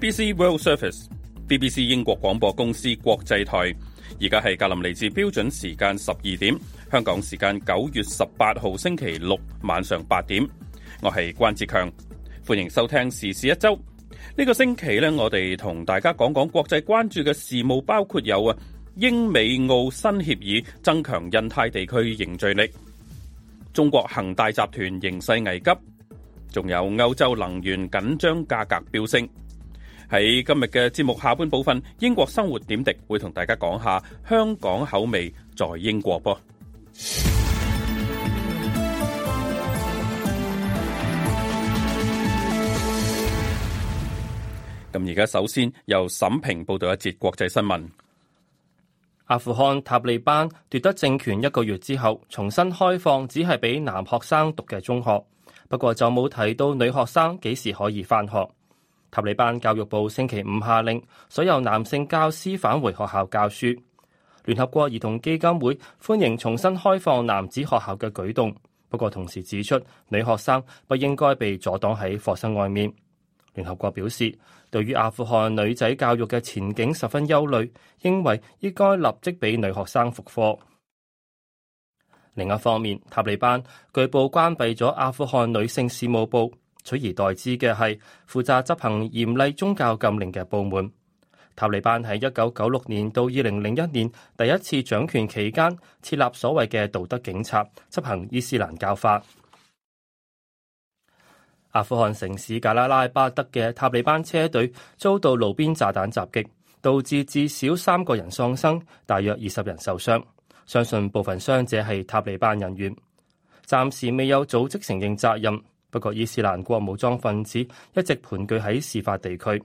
BBC World Service，BBC 英國廣播公司國際台。而家係格林尼治標準時間十二點，香港時間九月十八號星期六晚上八點。我係關志強，歡迎收聽時事一周。呢個星期咧，我哋同大家講講國際關注嘅事務，包括有啊，英美澳新協議增強印太地區凝聚力；中國恆大集團形勢危急；仲有歐洲能源緊張，價格飆升。喺今日嘅節目下半部分，英國生活點滴會同大家講下香港口味在英國噃。咁而家首先由沈平報道一節國際新聞。阿富汗塔利班奪得政權一個月之後，重新開放只係俾男學生讀嘅中學，不過就冇睇到女學生幾時可以返學。塔利班教育部星期五下令所有男性教師返回學校教書。聯合國兒童基金會歡迎重新開放男子學校嘅舉動，不過同時指出女學生不應該被阻擋喺課室外面。聯合國表示，對於阿富汗女仔教育嘅前景十分憂慮，認為應該立即俾女學生復課。另一方面，塔利班據報關閉咗阿富汗女性事務部。取而代之嘅係負責執行嚴厲宗教禁令嘅部門。塔利班喺一九九六年到二零零一年第一次掌權期間，設立所謂嘅道德警察，執行伊斯蘭教法。阿富汗城市賈拉拉巴德嘅塔利班車隊遭到路邊炸彈襲擊，導致至少三個人喪生，大約二十人受傷。相信部分傷者係塔利班人員，暫時未有組織承認責任。不過，伊斯蘭國武裝分子一直盤踞喺事發地區，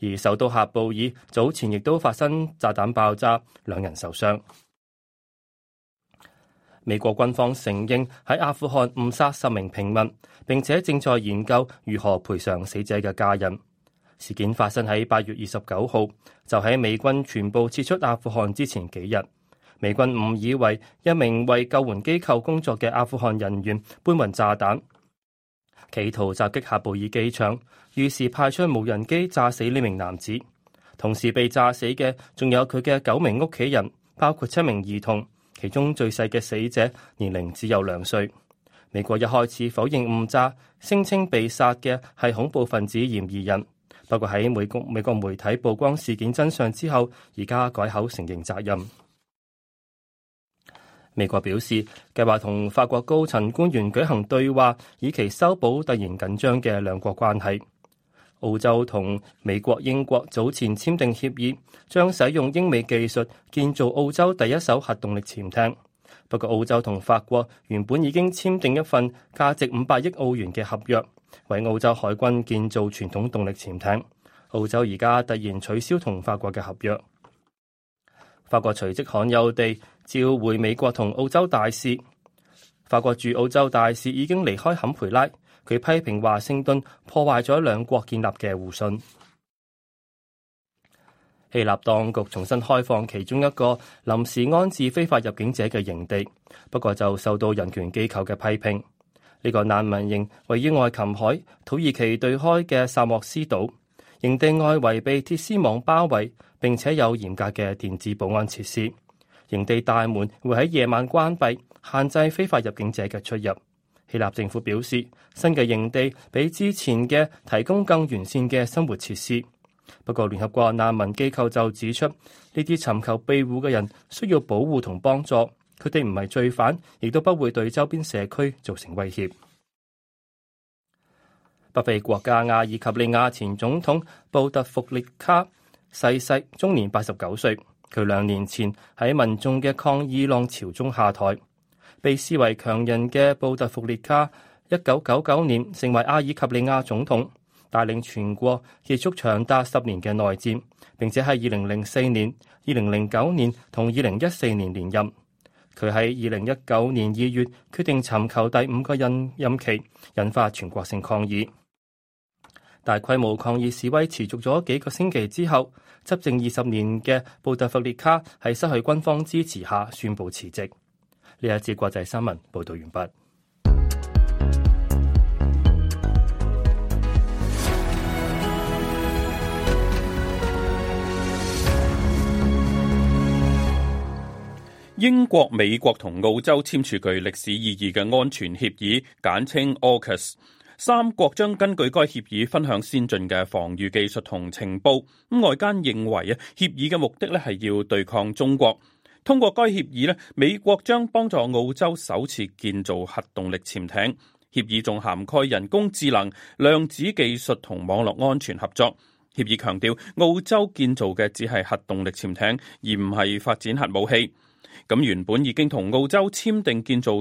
而首都喀布爾早前亦都發生炸彈爆炸，兩人受傷。美國軍方承認喺阿富汗誤殺十名平民，並且正在研究如何賠償死者嘅家人。事件發生喺八月二十九號，就喺美軍全部撤出阿富汗之前幾日。美軍誤以為一名為救援機構工作嘅阿富汗人員搬運炸彈。企圖襲擊喀布爾機場，於是派出無人機炸死呢名男子，同時被炸死嘅仲有佢嘅九名屋企人，包括七名兒童，其中最細嘅死者年齡只有兩歲。美國一開始否認誤炸，聲稱被殺嘅係恐怖分子嫌疑人，不過喺美國美國媒體曝光事件真相之後，而家改口承認責任。美國表示計劃同法國高層官員舉行對話，以期修補突然緊張嘅兩國關係。澳洲同美國、英國早前簽訂協議，將使用英美技術建造澳洲第一艘核動力潛艇。不過，澳洲同法國原本已經簽訂一份價值五百億澳元嘅合約，為澳洲海軍建造傳統動力潛艇。澳洲而家突然取消同法國嘅合約。法國隨即罕有地召回美國同澳洲大使。法國駐澳洲大使已經離開坎培拉，佢批評華盛頓破壞咗兩國建立嘅互信。希臘當局重新開放其中一個臨時安置非法入境者嘅營地，不過就受到人權機構嘅批評。呢個難民營位於愛琴海土耳其對開嘅薩莫斯島，營地外圍被鐵絲網包圍。並且有嚴格嘅電子保安設施，營地大門會喺夜晚關閉，限制非法入境者嘅出入。希臘政府表示，新嘅營地比之前嘅提供更完善嘅生活設施。不過，聯合國難民機構就指出，呢啲尋求庇護嘅人需要保護同幫助，佢哋唔係罪犯，亦都不會對周邊社區造成威脅。北非國家阿爾及利亞前總統布特福利卡逝世，世，終年八十九歲。佢兩年前喺民眾嘅抗議浪潮中下台，被視為強人嘅布特福列卡，一九九九年成為阿爾及利亞總統，帶領全國結束長達十年嘅內戰，並且喺二零零四年、二零零九年同二零一四年連任。佢喺二零一九年二月決定尋求第五個任任期，引發全國性抗議。大規模抗議示威持續咗幾個星期之後，執政二十年嘅布特弗列卡喺失去軍方支持下宣布辭職。呢一節國際新聞報道完畢。英國、美國同澳洲簽署具歷史意義嘅安全協議，簡稱 AUKUS。三國將根據該協議分享先進嘅防禦技術同情報。外間認為啊，協議嘅目的咧係要對抗中國。通過該協議咧，美國將幫助澳洲首次建造核動力潛艇。協議仲涵蓋人工智能、量子技術同網絡安全合作。協議強調澳洲建造嘅只係核動力潛艇，而唔係發展核武器。咁原本已經同澳洲簽訂建造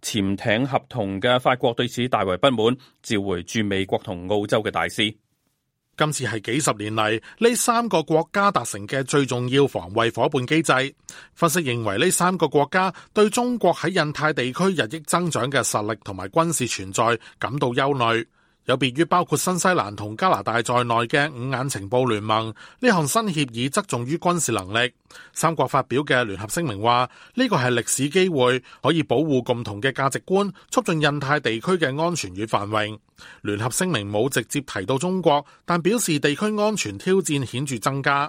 潛艇合同嘅法國對此大為不滿，召回駐美國同澳洲嘅大使。今次係幾十年嚟呢三個國家達成嘅最重要防衛夥伴機制。分析認為呢三個國家對中國喺印太地區日益增長嘅實力同埋軍事存在感到憂慮。有別於包括新西蘭同加拿大在內嘅五眼情報聯盟，呢項新協議側重於軍事能力。三國發表嘅聯合聲明話：呢個係歷史機會，可以保護共同嘅價值觀，促進印太地區嘅安全與繁榮。聯合聲明冇直接提到中國，但表示地區安全挑戰顯著增加。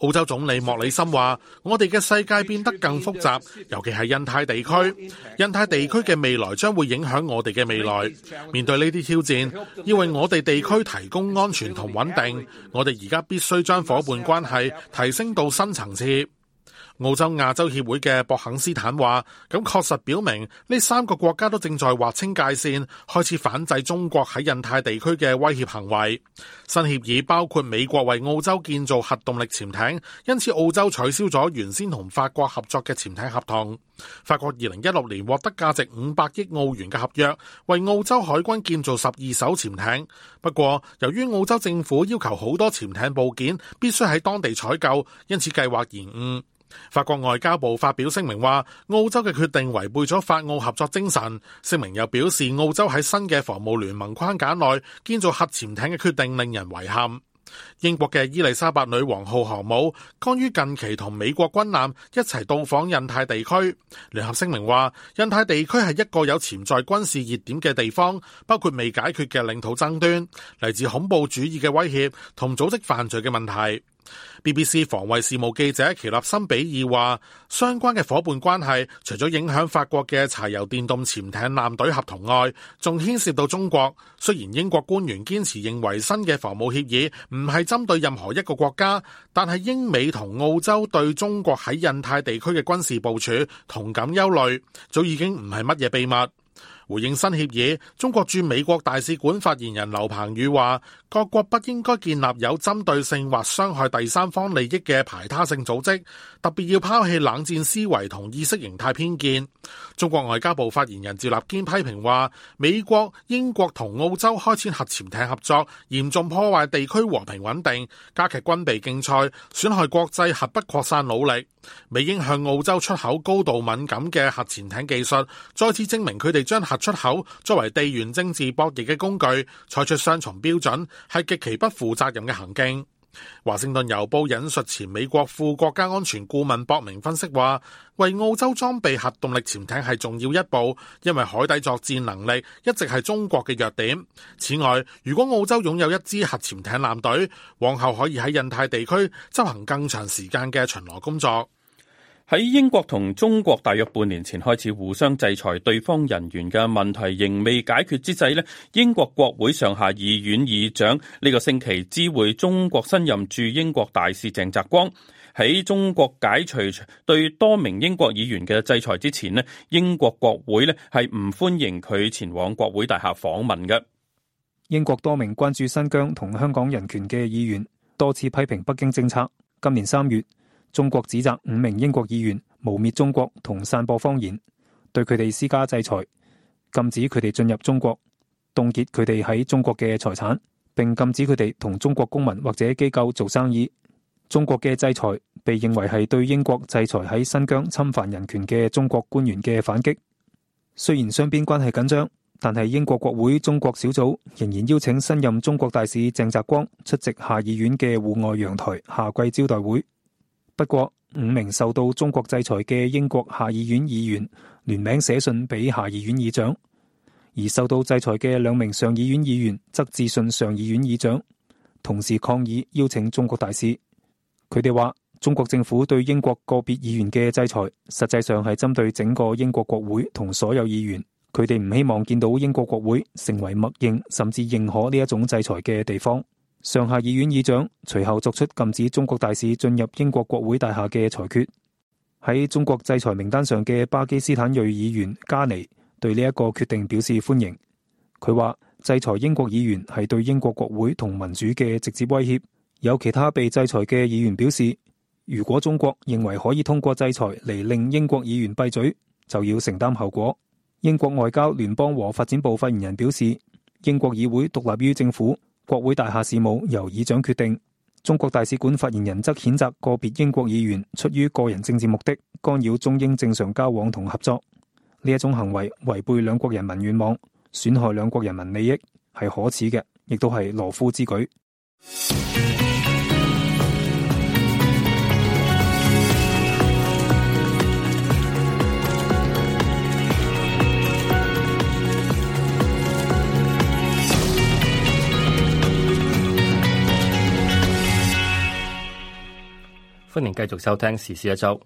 澳洲總理莫里森話：我哋嘅世界變得更複雜，尤其係印太地區。印太地區嘅未來將會影響我哋嘅未來。面對呢啲挑戰，要為我哋地區提供安全同穩定，我哋而家必須將伙伴關係提升到新層次。澳洲亞洲協會嘅博肯斯坦話：咁確實表明呢三個國家都正在劃清界線，開始反制中國喺印太地區嘅威脅行為。新協議包括美國為澳洲建造核動力潛艇，因此澳洲取消咗原先同法國合作嘅潛艇合同。法國二零一六年獲得價值五百億澳元嘅合約，為澳洲海軍建造十二艘潛艇。不過，由於澳洲政府要求好多潛艇部件必須喺當地採購，因此計劃延誤。法國外交部發表聲明話，澳洲嘅決定違背咗法澳合作精神。聲明又表示，澳洲喺新嘅防務聯盟框架內建造核潛艇嘅決定令人遺憾。英國嘅伊利沙伯女王號航母剛於近期同美國軍艦一齊到訪印太地區。聯合聲明話，印太地區係一個有潛在軍事熱點嘅地方，包括未解決嘅領土爭端、嚟自恐怖主義嘅威脅同組織犯罪嘅問題。BBC 防衛事務記者奇立森比爾話：相關嘅夥伴關係除咗影響法國嘅柴油電動潛艇艦隊合同外，仲牽涉到中國。雖然英國官員堅持認為新嘅防務協議唔係針對任何一個國家，但係英美同澳洲對中國喺印太地區嘅軍事部署同感憂慮，早已經唔係乜嘢秘密。回應新協議，中國駐美國大使館發言人劉鵬宇話：各國不應該建立有針對性或傷害第三方利益嘅排他性組織，特別要拋棄冷戰思維同意識形態偏見。中國外交部發言人趙立堅批評話：美國、英國同澳洲開展核潛艇合作，嚴重破壞地區和平穩定，加劇軍備競賽，損害國際核不擴散努力。美英向澳洲出口高度敏感嘅核潛艇技術，再次證明佢哋將核出口作為地緣政治博弈嘅工具，採取雙重標準係極其不負責任嘅行徑。華盛頓郵報引述前美國副國家安全顧問博明分析話，為澳洲裝備核動力潛艇係重要一步，因為海底作戰能力一直係中國嘅弱點。此外，如果澳洲擁有一支核潛艇艦隊，往後可以喺印太地區執行更長時間嘅巡邏工作。喺英國同中國大約半年前開始互相制裁對方人員嘅問題仍未解決之際呢，英國國會上下議院議長呢個星期知會中國新任駐英國大使鄭澤光，喺中國解除對多名英國議員嘅制裁之前呢，英國國會呢係唔歡迎佢前往國會大廈訪問嘅。英國多名關注新疆同香港人權嘅議員多次批評北京政策。今年三月，中國指責五名英國議員污衊中國同散播謊言，對佢哋施加制裁，禁止佢哋進入中國，凍結佢哋喺中國嘅財產，並禁止佢哋同中國公民或者機構做生意。中國嘅制裁被認為係對英國制裁喺新疆侵犯人權嘅中國官員嘅反擊。雖然雙邊關係緊張，但係英國國會中國小組仍然邀請新任中國大使鄭澤光出席下議院嘅戶外陽台夏季招待會。不過，五名受到中國制裁嘅英國下議院議員聯名寫信俾下議院議長，而受到制裁嘅兩名上議院議員則致信上議院議長，同時抗議邀請中國大使。佢哋話，中國政府對英國個別議員嘅制裁，實際上係針對整個英國國會同所有議員。佢哋唔希望見到英國國會成為默認甚至認可呢一種制裁嘅地方。上下議院議長隨後作出禁止中國大使進入英國國會大廈嘅裁決。喺中國制裁名單上嘅巴基斯坦裔議員加尼對呢一個決定表示歡迎。佢話：制裁英國議員係對英國國會同民主嘅直接威脅。有其他被制裁嘅議員表示，如果中國認為可以通過制裁嚟令英國議員閉嘴，就要承擔後果。英國外交聯邦和發展部發言人表示，英國議會獨立於政府。國會大廈事務由議長決定。中國大使館發言人則譴責個別英國議員出於個人政治目的，干擾中英正常交往同合作。呢一種行為違背兩國人民願望，損害兩國人民利益，係可恥嘅，亦都係羅夫之舉。歡迎繼續收聽時事一周。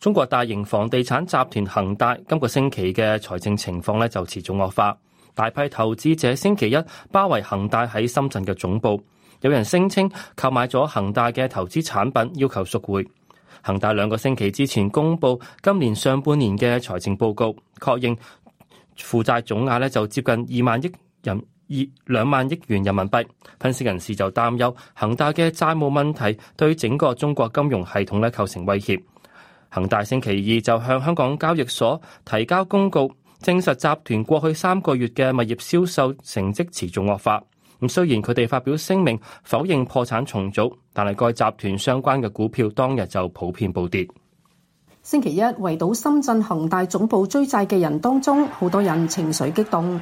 中國大型房地產集團恒大今個星期嘅財政情況咧就持續惡化，大批投資者星期一包圍恒大喺深圳嘅總部，有人聲稱購買咗恒大嘅投資產品，要求贖回。恒大兩個星期之前公布今年上半年嘅財政報告，確認負債總額咧就接近二萬億人二兩萬億元人民幣，分析人士就擔憂恒大嘅債務問題對整個中國金融系統咧構成威脅。恒大星期二就向香港交易所提交公告，證實集團過去三個月嘅物業銷售成績持續惡化。咁雖然佢哋發表聲明否認破產重組，但係該集團相關嘅股票當日就普遍暴跌。星期一圍堵深圳恒大總部追債嘅人當中，好多人情緒激動。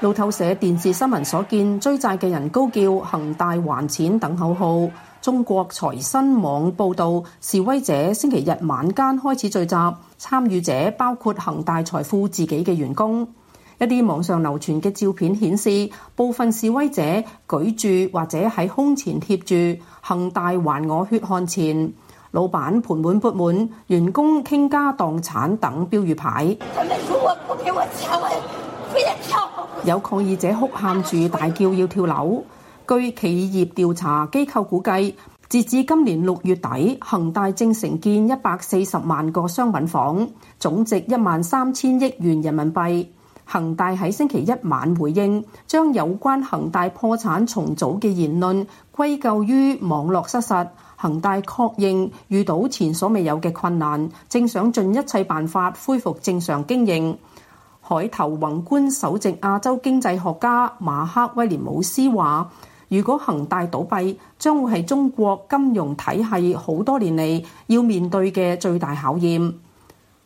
路透社電視新聞所見，追債嘅人高叫「恒大還錢」等口號，中國財新網報道，示威者星期日晚間開始聚集，參與者包括恒大財富自己嘅員工。一啲網上流傳嘅照片顯示，部分示威者舉住或者喺胸前貼住「恒大還我血汗錢」、「老闆盆滿缽滿」、「員工傾家蕩產」等標語牌。有抗議者哭喊住，大叫要跳樓。據企業調查機構估計，截至今年六月底，恒大正承建一百四十萬個商品房，總值一萬三千億元人民幣。恒大喺星期一晚回應，將有關恒大破產重組嘅言論歸咎於網絡失實。恒大確認遇到前所未有嘅困難，正想盡一切辦法恢復正常經營。海投宏觀首席亞洲經濟學家馬克威廉姆斯話，如果恒大倒閉，將會係中國金融體系好多年嚟要面對嘅最大考驗。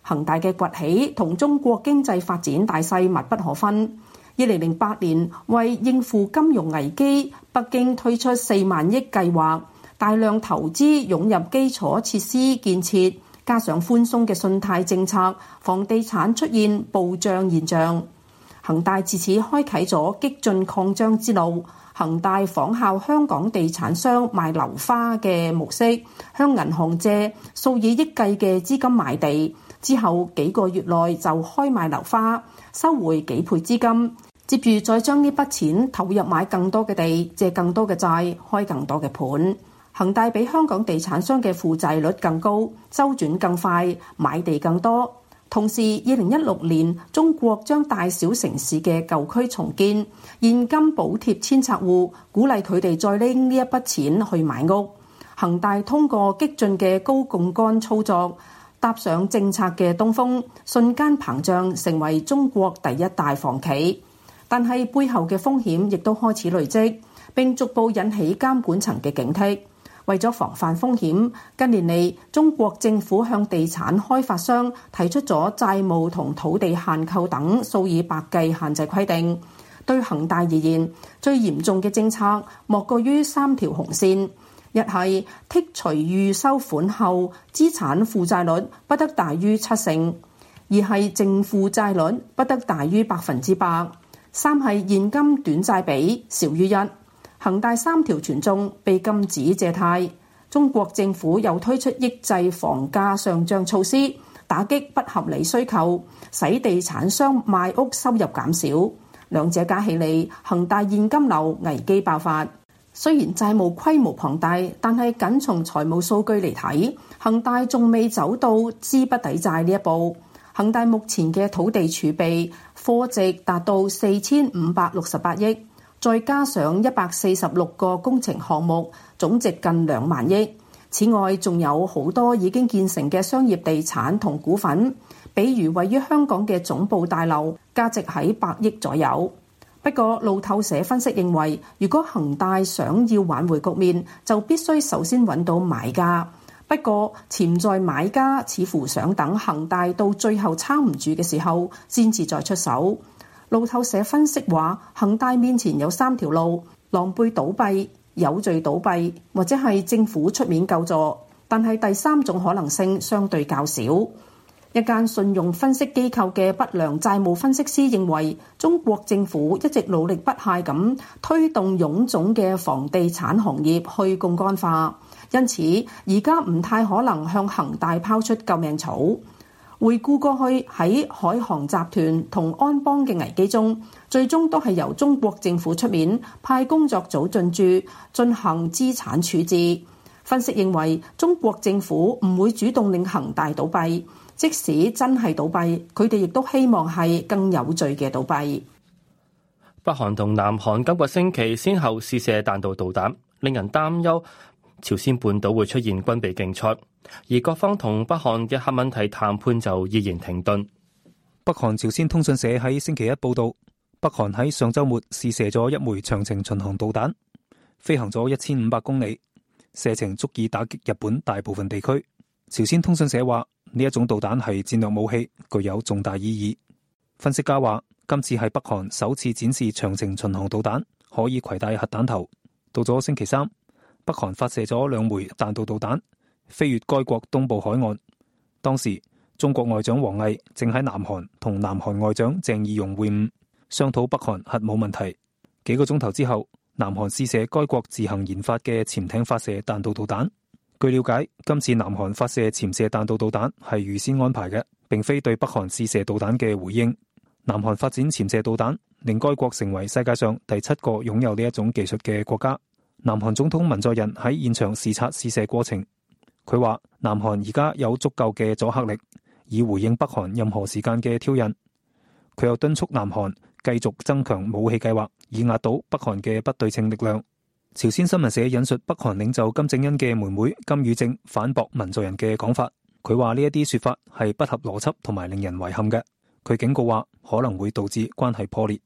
恒大嘅崛起同中國經濟發展大勢密不可分。二零零八年，為應付金融危機，北京推出四萬億計劃，大量投資湧入基礎設施建設。加上寬鬆嘅信貸政策，房地產出現暴漲現象。恒大自此開啟咗激進擴張之路。恒大仿效香港地產商賣樓花嘅模式，向銀行借數以億計嘅資金買地，之後幾個月內就開賣樓花，收回幾倍資金，接住再將呢筆錢投入買更多嘅地，借更多嘅債，開更多嘅盤。恒大比香港地產商嘅負債率更高，周轉更快，買地更多。同時，二零一六年中國將大小城市嘅舊區重建，現金補貼遷拆戶，鼓勵佢哋再拎呢一筆錢去買屋。恒大通過激進嘅高槓桿操作，搭上政策嘅東風，瞬間膨脹，成為中國第一大房企。但係背後嘅風險亦都開始累積，並逐步引起監管層嘅警惕。為咗防範風險，近年嚟中國政府向地產開發商提出咗債務同土地限購等數以百計限制規定。對恒大而言，最嚴重嘅政策莫過於三條紅線：一係剔除預收款後資產負債率不得大於七成；二係淨負債率不得大於百分之百；三係現金短債比少於一。恒大三條全中被禁止借貸，中國政府又推出抑制房價上漲措施，打擊不合理需求，使地產商賣屋收入減少。兩者加起嚟，恒大現金流危機爆發。雖然債務規模龐大，但係僅從財務數據嚟睇，恒大仲未走到資不抵債呢一步。恒大目前嘅土地儲備貨值達到四千五百六十八億。再加上一百四十六個工程項目，總值近兩萬億。此外，仲有好多已經建成嘅商業地產同股份，比如位於香港嘅總部大樓，價值喺百億左右。不過，路透社分析認為，如果恆大想要挽回局面，就必須首先揾到買家。不過，潛在買家似乎想等恆大到最後撐唔住嘅時候，先至再出手。路透社分析話，恆大面前有三條路：狼狽倒閉、有序倒閉，或者係政府出面救助。但係第三種可能性相對較少。一間信用分析機構嘅不良債務分析師認為，中國政府一直努力不懈咁推動臃腫嘅房地產行業去槓桿化，因此而家唔太可能向恆大拋出救命草。回顧過去喺海航集團同安邦嘅危機中，最終都係由中國政府出面派工作組進駐進行資產處置。分析認為，中國政府唔會主動令恒大倒閉，即使真係倒閉，佢哋亦都希望係更有序嘅倒閉。北韓同南韓今個星期先後試射彈道導彈，令人擔憂。朝鮮半島會出現軍備競賽，而各方同北韓嘅核問題談判就依然停頓。北韓朝鮮通訊社喺星期一報道，北韓喺上週末試射咗一枚長程巡航導彈，飛行咗一千五百公里，射程足以打擊日本大部分地區。朝鮮通訊社話，呢一種導彈係戰略武器，具有重大意義。分析家話，今次係北韓首次展示長程巡航導彈，可以攜帶核彈頭。到咗星期三，北韓發射咗兩枚彈道導彈，飛越該國東部海岸。當時中國外長王毅正喺南韓同南韓外長鄭義溶會晤，商討北韓核武問題。幾個鐘頭之後，南韓試射該國自行研發嘅潛艇發射彈道導彈。據了解，今次南韓發射潛射彈道導彈係預先安排嘅，並非對北韓試射導彈嘅回應。南韓發展潛射導彈，令該國成為世界上第七個擁有呢一種技術嘅國家。南韓總統文在寅喺現場視察試射過程，佢話南韓而家有足夠嘅阻吓力，以回應北韓任何時間嘅挑釁。佢又敦促南韓繼續增強武器計劃，以壓倒北韓嘅不對稱力量。朝鮮新聞社引述北韓領袖金正恩嘅妹妹金與正反駁文在寅嘅講法，佢話呢一啲說法係不合邏輯同埋令人遺憾嘅。佢警告話可能會導致關係破裂。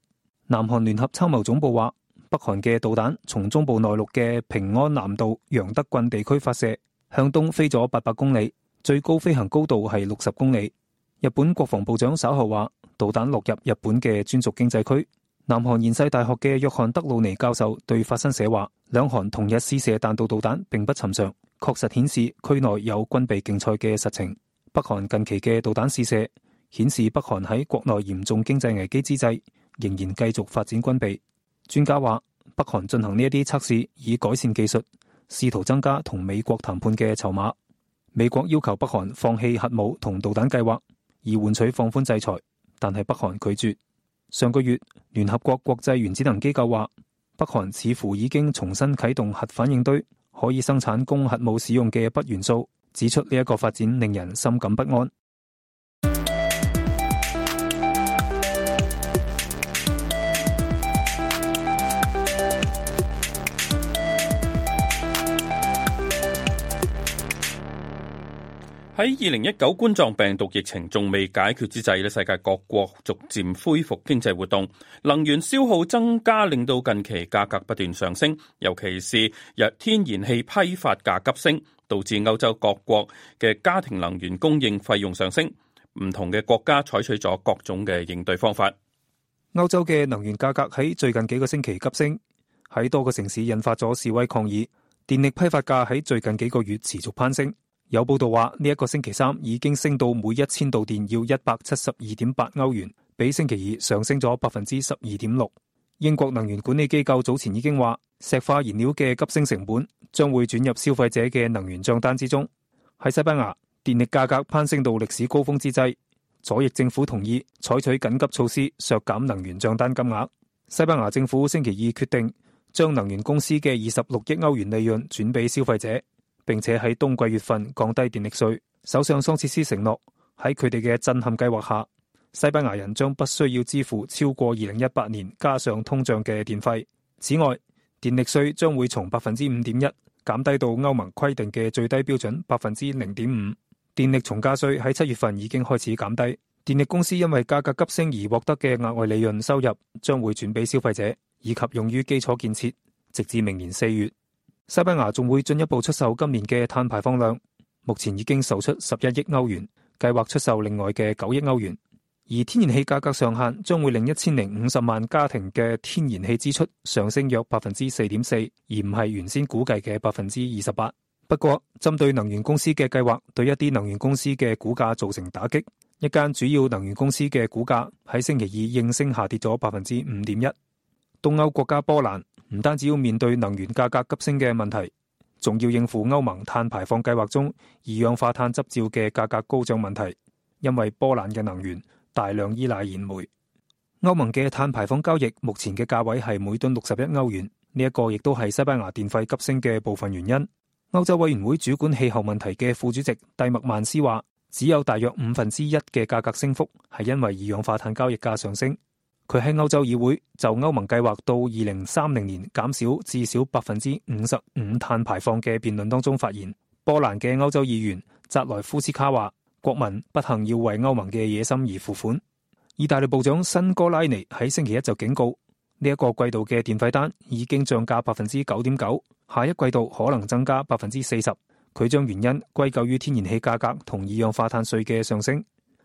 南韓聯合參謀總部話。北韓嘅導彈從中部內陸嘅平安南道楊德郡地區發射，向東飛咗八百公里，最高飛行高度係六十公里。日本國防部長稍後話，導彈落入日本嘅專屬經濟區。南韓延世大學嘅約翰德魯尼教授，對法新社話，兩韓同日試射彈道導彈，並不尋常，確實顯示區內有軍備競賽嘅實情。北韓近期嘅導彈試射顯示，北韓喺國內嚴重經濟危機之際，仍然繼續發展軍備。專家話，北韓進行呢一啲測試，以改善技術，試圖增加同美國談判嘅籌碼。美國要求北韓放棄核武同導彈計劃，以換取放寬制裁，但係北韓拒絕。上個月，聯合國國際原子能機構話，北韓似乎已經重新啟動核反應堆，可以生產供核武使用嘅鈈元素，指出呢一個發展令人深感不安。喺二零一九冠狀病毒疫情仲未解決之際呢，世界各國逐漸恢復經濟活動，能源消耗增加，令到近期價格不斷上升，尤其是日天然氣批發價急升，導致歐洲各國嘅家庭能源供應費用上升。唔同嘅國家採取咗各種嘅應對方法。歐洲嘅能源價格喺最近幾個星期急升，喺多個城市引發咗示威抗議，電力批發價喺最近幾個月持續攀升。有報道話，呢、這、一個星期三已經升到每一千度電要一百七十二點八歐元，比星期二上升咗百分之十二點六。英國能源管理機構早前已經話，石化燃料嘅急升成本將會轉入消費者嘅能源帳單之中。喺西班牙，電力價格攀升到歷史高峰之際，左翼政府同意採取緊急措施削減能源帳單金額。西班牙政府星期二決定將能源公司嘅二十六億歐元利潤轉俾消費者。並且喺冬季月份降低電力稅。首相桑切斯承諾喺佢哋嘅震撼計劃下，西班牙人將不需要支付超過二零一八年加上通脹嘅電費。此外，電力稅將會從百分之五點一減低到歐盟規定嘅最低標準百分之零點五。電力從價稅喺七月份已經開始減低。電力公司因為價格急升而獲得嘅額外利潤收入，將會轉俾消費者以及用於基礎建設，直至明年四月。西班牙仲會進一步出售今年嘅碳排放量，目前已經售出十一億歐元，計劃出售另外嘅九億歐元。而天然氣價格上限將會令一千零五十萬家庭嘅天然氣支出上升約百分之四點四，而唔係原先估計嘅百分之二十八。不過，針對能源公司嘅計劃，對一啲能源公司嘅股價造成打擊。一間主要能源公司嘅股價喺星期二應聲下跌咗百分之五點一。東歐國家波蘭唔單止要面對能源價格急升嘅問題，仲要應付歐盟碳，碳排放計劃中二氧化碳執照嘅價格高漲問題，因為波蘭嘅能源大量依賴燃煤。歐盟嘅碳排放交易目前嘅價位係每噸六十一歐元，呢、這、一個亦都係西班牙電費急升嘅部分原因。歐洲委員會主管氣候問題嘅副主席蒂默曼斯話，只有大約五分之一嘅價格升幅係因為二氧化碳交易價上升。佢喺歐洲議會就歐盟計劃到二零三零年減少至少百分之五十五碳排放嘅辯論當中發言。波蘭嘅歐洲議員扎萊夫斯卡話：國民不幸要為歐盟嘅野心而付款。意大利部長辛哥拉尼喺星期一就警告，呢一個季度嘅電費單已經漲價百分之九點九，下一季度可能增加百分之四十。佢將原因歸咎於天然氣價格同二氧化碳稅嘅上升。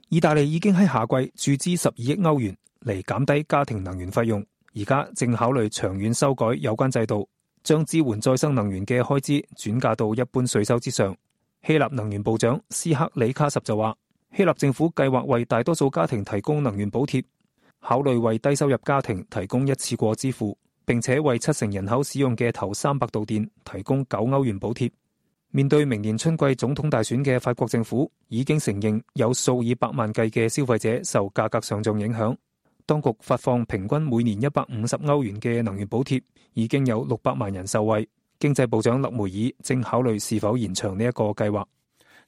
意大利已經喺夏季注資十二億歐元。嚟減低家庭能源費用，而家正考慮長遠修改有關制度，將支援再生能源嘅開支轉嫁到一般稅收之上。希臘能源部長斯克里卡什就話，希臘政府計劃為大多數家庭提供能源補貼，考慮為低收入家庭提供一次過支付，並且為七成人口使用嘅頭三百度電提供九歐元補貼。面對明年春季總統大選嘅法國政府已經承認有數以百萬計嘅消費者受價格上漲影響。當局發放平均每年一百五十歐元嘅能源補貼，已經有六百萬人受惠。經濟部長勒梅爾正考慮是否延長呢一個計劃。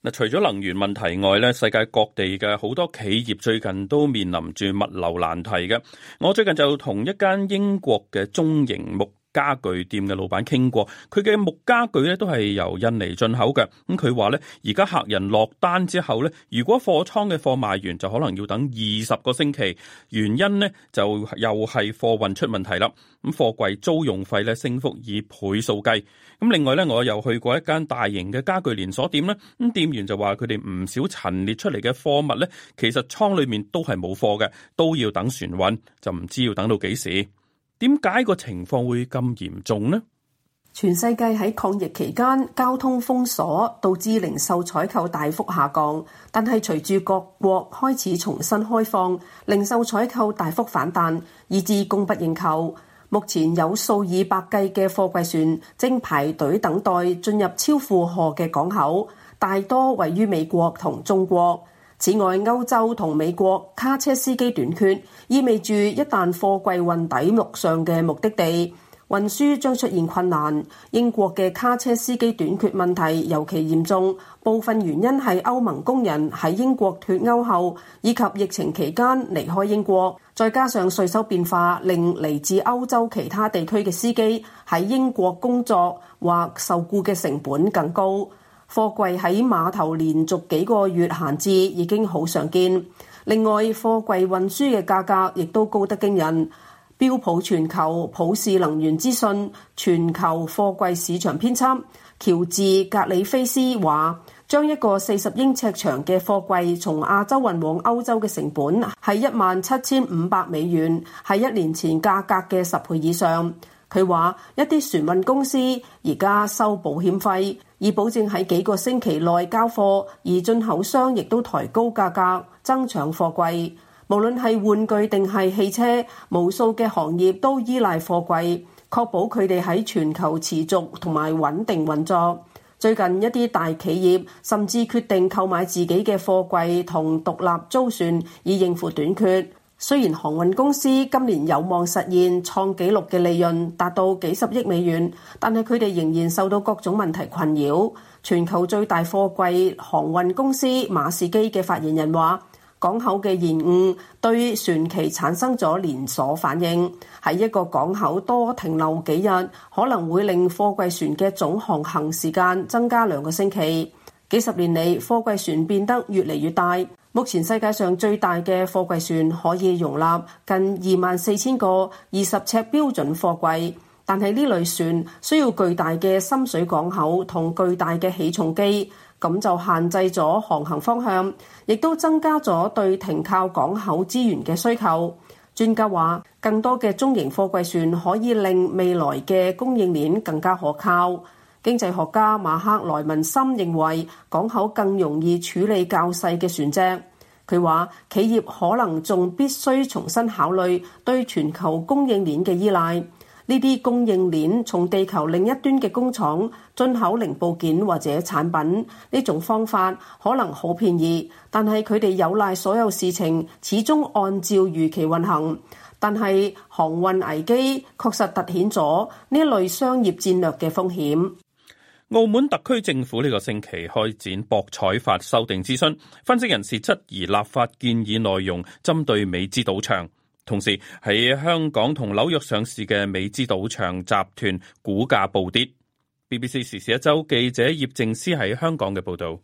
嗱，除咗能源問題外咧，世界各地嘅好多企業最近都面臨住物流難題嘅。我最近就同一間英國嘅中型木家具店嘅老闆傾過，佢嘅木家具咧都係由印尼進口嘅。咁佢話咧，而家客人落單之後咧，如果貨倉嘅貨賣完，就可能要等二十個星期。原因咧就又係貨運出問題啦。咁貨櫃租用費咧升幅以倍數計。咁另外咧，我又去過一間大型嘅家具連鎖店咧。咁店員就話佢哋唔少陳列出嚟嘅貨物咧，其實倉裏面都係冇貨嘅，都要等船運，就唔知要等到幾時。點解個情況會咁嚴重呢？全世界喺抗疫期間交通封鎖，導致零售採購大幅下降。但係隨住各國開始重新開放，零售採購大幅反彈，以至供不應求。目前有數以百計嘅貨櫃船正排隊等待進入超負荷嘅港口，大多位於美國同中國。此外，歐洲同美國卡車司機短缺，意味住一旦貨櫃運抵陸上嘅目的地，運輸將出現困難。英國嘅卡車司機短缺問題尤其嚴重，部分原因係歐盟工人喺英國脫歐後以及疫情期間離開英國，再加上稅收變化，令嚟自歐洲其他地區嘅司機喺英國工作或受僱嘅成本更高。貨櫃喺碼頭連續幾個月閒置已經好常見，另外貨櫃運輸嘅價格亦都高得驚人。標普全球普氏能源資訊全球貨櫃市場編輯喬治格里菲斯話，將一個四十英尺長嘅貨櫃從亞洲運往歐洲嘅成本係一萬七千五百美元，係一年前價格嘅十倍以上。佢話：一啲船運公司而家收保險費，以保證喺幾個星期內交貨；而進口商亦都抬高價格，增長貨櫃。無論係玩具定係汽車，無數嘅行業都依賴貨櫃，確保佢哋喺全球持續同埋穩定運作。最近一啲大企業甚至決定購買自己嘅貨櫃同獨立租船，以應付短缺。雖然航運公司今年有望實現創紀錄嘅利潤，達到幾十億美元，但係佢哋仍然受到各種問題困擾。全球最大貨櫃航運公司馬士基嘅發言人話，港口嘅延誤對船期產生咗連鎖反應，喺一個港口多停留幾日，可能會令貨櫃船嘅總航行時間增加兩個星期。幾十年嚟，貨櫃船變得越嚟越大。目前世界上最大嘅貨櫃船可以容納近二萬四千個二十尺標準貨櫃，但係呢類船需要巨大嘅深水港口同巨大嘅起重機，咁就限制咗航行方向，亦都增加咗對停靠港口資源嘅需求。專家話，更多嘅中型貨櫃船可以令未來嘅供應鏈更加可靠。經濟學家馬克萊文森認為，港口更容易處理較細嘅船隻。佢話：企業可能仲必須重新考慮對全球供應鏈嘅依賴。呢啲供應鏈從地球另一端嘅工廠進口零部件或者產品，呢種方法可能好便宜，但係佢哋有賴所有事情始終按照預期運行。但係航運危機確實突顯咗呢一類商業戰略嘅風險。澳門特區政府呢個星期開展博彩法修訂諮詢，分析人士質疑立法建議內容針對美資賭場，同時喺香港同紐約上市嘅美資賭場集團股價暴跌。BBC 時事一周記者葉正思喺香港嘅報道。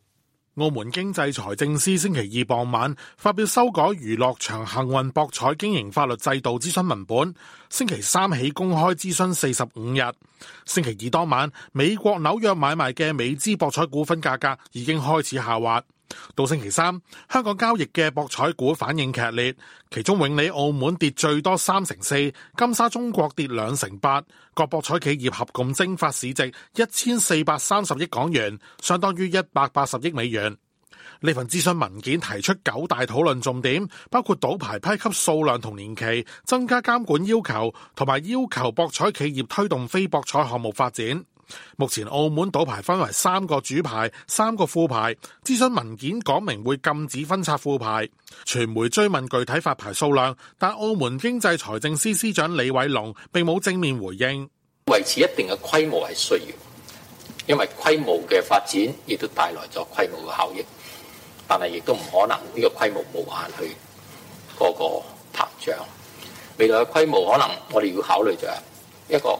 澳門經濟財政司星期二傍晚發表修改娛樂場幸運博彩經營法律制度諮詢文本，星期三起公開諮詢四十五日。星期二當晚，美國紐約買賣嘅美資博彩股份價格已經開始下滑。到星期三，香港交易嘅博彩股反應劇烈，其中永利澳門跌最多三成四，金沙中國跌兩成八，各博彩企業合共蒸發市值一千四百三十億港元，相當於一百八十億美元。呢份諮詢文件提出九大討論重點，包括賭牌批給數量同年期，增加監管要求，同埋要求博彩企業推動非博彩項目發展。目前澳門賭牌分為三個主牌、三個副牌。諮詢文件講明會禁止分拆副牌。傳媒追問具體發牌數量，但澳門經濟財政司司長李偉龍並冇正面回應。維持一定嘅規模係需要，因為規模嘅發展亦都帶來咗規模嘅效益，但係亦都唔可能呢個規模無限去個個膨脹。未來嘅規模可能我哋要考慮就係一個。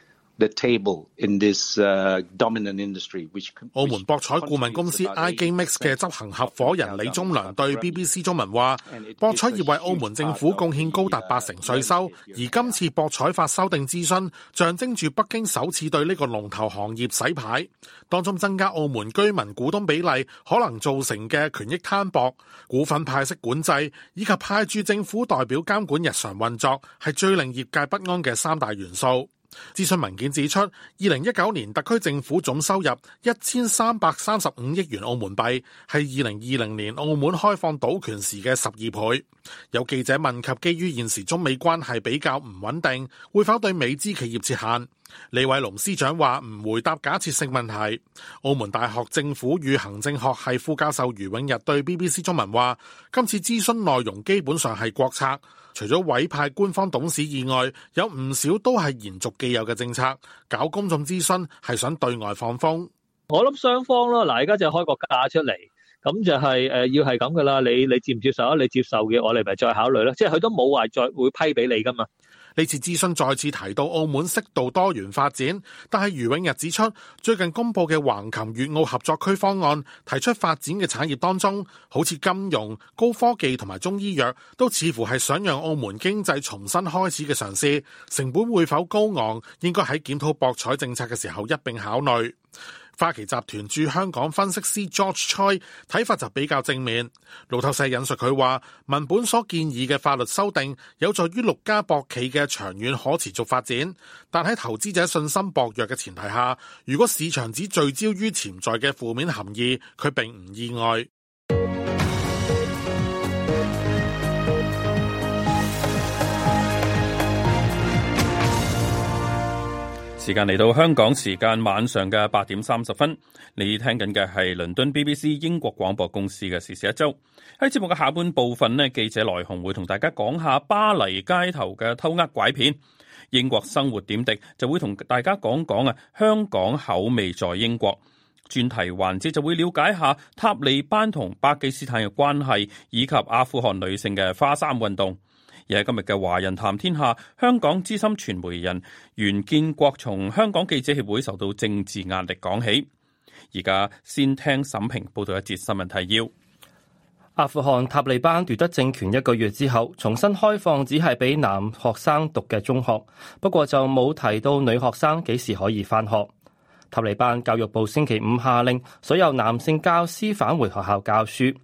澳門博彩顧問公司 iGameMax 嘅執行合伙人李忠良對 BBC 中文話：博彩業為澳門政府貢獻高達八成稅收，而今次博彩法修訂諮詢，象徵住北京首次對呢個龍頭行業洗牌，當中增加澳門居民股東比例可能造成嘅權益攤薄、股份派息管制以及派駐政府代表監管日常運作，係最令業界不安嘅三大元素。諮詢文件指出，二零一九年特區政府總收入一千三百三十五億元澳門幣，係二零二零年澳門開放賭權時嘅十二倍。有記者問及，基於現時中美關係比較唔穩定，會否對美資企業設限？李偉龍司長話唔回答假設性問題。澳門大學政府與行政學系副教授余永逸對 BBC 中文話：今次諮詢內容基本上係國策，除咗委派官方董事以外，有唔少都係延續既有嘅政策。搞公眾諮詢係想對外放風。我諗雙方咯，嗱，而家就開個價出嚟，咁就係、是、誒、呃、要係咁噶啦。你你接唔接受啊？你接受嘅，我哋咪再考慮咯。即係佢都冇話再會批俾你噶嘛。呢次諮詢再次提到澳門適度多元發展，但係余永日指出，最近公布嘅橫琴粵澳合作區方案提出發展嘅產業當中，好似金融、高科技同埋中醫藥，都似乎係想讓澳門經濟重新開始嘅嘗試。成本會否高昂，應該喺檢討博彩政策嘅時候一並考慮。花旗集團駐香港分析師 George Choi 睇法就比較正面。路透社引述佢話，文本所建議嘅法律修訂有助於六家博企嘅長遠可持續發展，但喺投資者信心薄弱嘅前提下，如果市場只聚焦於潛在嘅負面含義，佢並唔意外。時間嚟到香港時間晚上嘅八點三十分，你聽緊嘅係倫敦 BBC 英國廣播公司嘅時事一周。喺節目嘅下半部分咧，記者來鴻會同大家講下巴黎街頭嘅偷呃拐騙；英國生活點滴就會同大家講講啊香港口味在英國。專題環節就會了解下塔利班同巴基斯坦嘅關係，以及阿富汗女性嘅花衫運動。而係今日嘅華人談天下，香港資深傳媒人袁建國從香港記者協會受到政治壓力講起。而家先聽沈平報道一節新聞提要。阿富汗塔利班奪得政權一個月之後，重新開放只係俾男學生讀嘅中學，不過就冇提到女學生幾時可以返學。塔利班教育部星期五下令所有男性教師返回學校教書。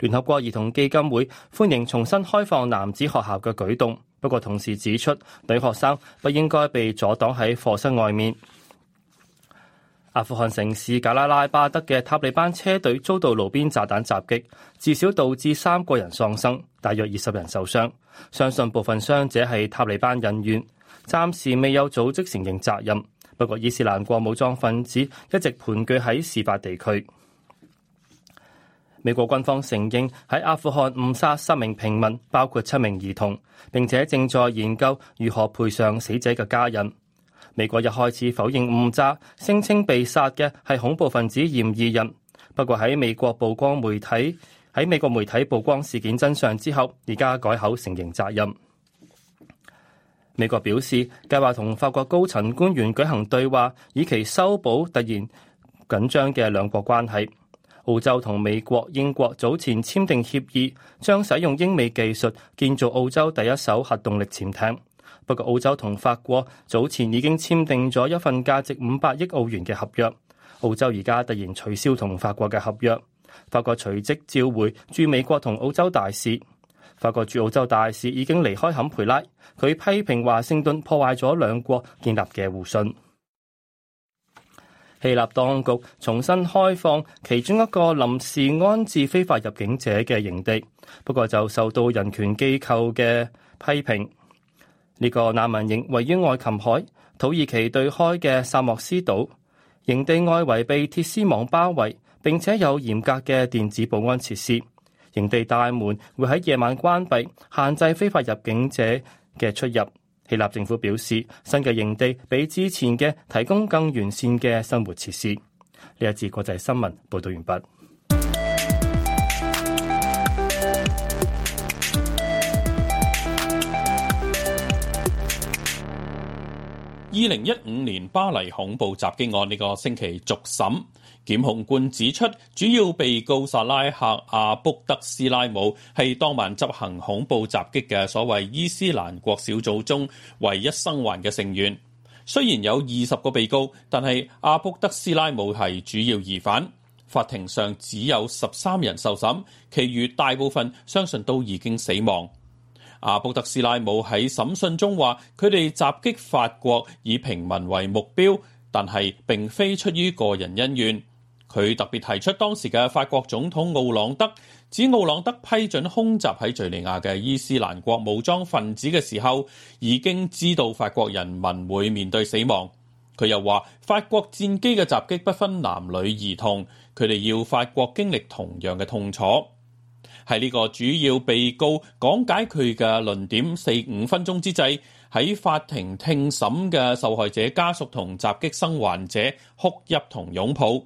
聯合國兒童基金會歡迎重新開放男子學校嘅舉動，不過同時指出女學生不應該被阻擋喺課室外面。阿富汗城市賈拉拉巴德嘅塔利班車隊遭到路邊炸彈襲擊，至少導致三個人喪生，大約二十人受傷。相信部分傷者係塔利班人員，暫時未有組織承認責任。不過伊斯蘭國武裝分子一直盤踞喺事發地區。美國軍方承認喺阿富汗誤殺十名平民，包括七名兒童，並且正在研究如何賠償死者嘅家人。美國一開始否認誤炸，聲稱被殺嘅係恐怖分子嫌疑人。不過喺美國曝光媒體喺美國媒體曝光事件真相之後，而家改口承認責任。美國表示計劃同法國高層官員舉行對話，以期修補突然緊張嘅兩國關係。澳洲同美國、英國早前簽訂協議，將使用英美技術建造澳洲第一艘核動力潛艇。不過，澳洲同法國早前已經簽訂咗一份價值五百億澳元嘅合約。澳洲而家突然取消同法國嘅合約，法國隨即召回駐美國同澳洲大使。法國駐澳洲大使已經離開坎培拉，佢批評華盛頓破壞咗兩國建立嘅互信。希臘當局重新開放其中一個臨時安置非法入境者嘅營地，不過就受到人權機構嘅批評。呢個難民營位於愛琴海土耳其對開嘅薩莫斯島，營地外圍被鐵絲網包圍，並且有嚴格嘅電子保安設施。營地大門會喺夜晚關閉，限制非法入境者嘅出入。希臘政府表示，新嘅營地比之前嘅提供更完善嘅生活設施。呢一節國際新聞報道完畢。二零一五年巴黎恐怖襲擊案呢個星期續審。檢控官指出，主要被告薩拉赫阿卜德斯拉姆係當晚執行恐怖襲擊嘅所謂伊斯蘭國小組中唯一生還嘅成員。雖然有二十個被告，但係阿卜德斯拉姆係主要疑犯。法庭上只有十三人受審，其餘大部分相信都已經死亡。阿卜德斯拉姆喺審訊中話：佢哋襲擊法國以平民為目標，但係並非出於個人恩怨。佢特別提出當時嘅法國總統奧朗德，指奧朗德批准空襲喺敍利亞嘅伊斯蘭國武裝分子嘅時候，已經知道法國人民會面對死亡。佢又話，法國戰機嘅襲擊不分男女兒童，佢哋要法國經歷同樣嘅痛楚。喺呢個主要被告講解佢嘅論點四五分鐘之際，喺法庭聽審嘅受害者家屬同襲擊生還者哭泣同擁抱。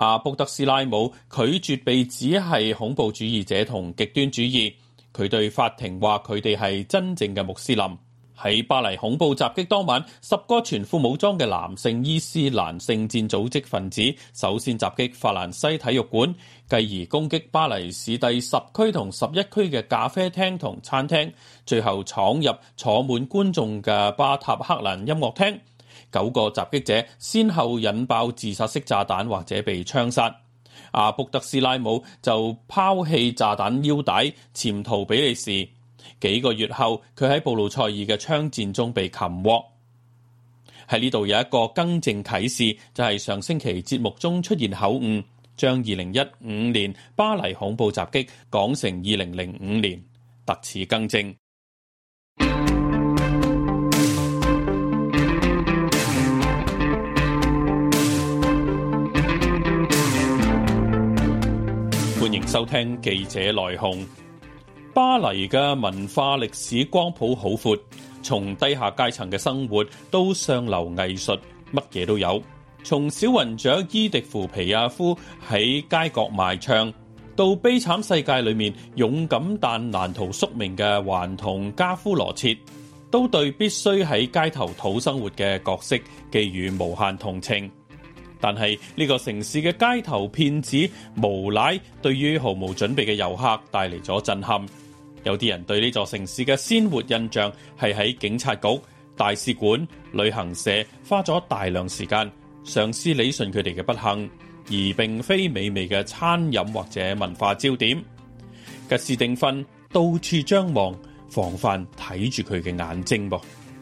阿布特斯拉姆拒絕被指係恐怖主義者同極端主義，佢對法庭話佢哋係真正嘅穆斯林。喺巴黎恐怖襲擊當晚，十個全副武裝嘅男性伊斯蘭聖戰組織分子，首先襲擊法蘭西體育館，繼而攻擊巴黎市第十區同十一區嘅咖啡廳同餐廳，最後闖入坐滿觀眾嘅巴塔克蘭音樂廳。九個襲擊者先後引爆自殺式炸彈或者被槍殺，阿卜特斯拉姆就拋棄炸彈腰帶潛逃比利時。幾個月後，佢喺布魯塞爾嘅槍戰中被擒獲。喺呢度有一個更正啟示，就係上星期節目中出現口誤，將二零一五年巴黎恐怖襲擊講成二零零五年，特此更正。歡迎收聽記者來鴻。巴黎嘅文化歷史光譜好闊，從低下階層嘅生活都上流藝術，乜嘢都有。從小雲雀伊迪夫皮亞夫喺街角賣唱，到悲慘世界裏面勇敢但難逃宿命嘅頑童加夫羅切，都對必須喺街頭討生活嘅角色寄予無限同情。但係呢個城市嘅街頭騙子無賴，對於毫無準備嘅遊客帶嚟咗震撼。有啲人對呢座城市嘅鮮活印象係喺警察局、大使館、旅行社花咗大量時間嘗試理順佢哋嘅不幸，而並非美味嘅餐飲或者文化焦點。吉時定訓，到處張望，防範睇住佢嘅眼睛噃。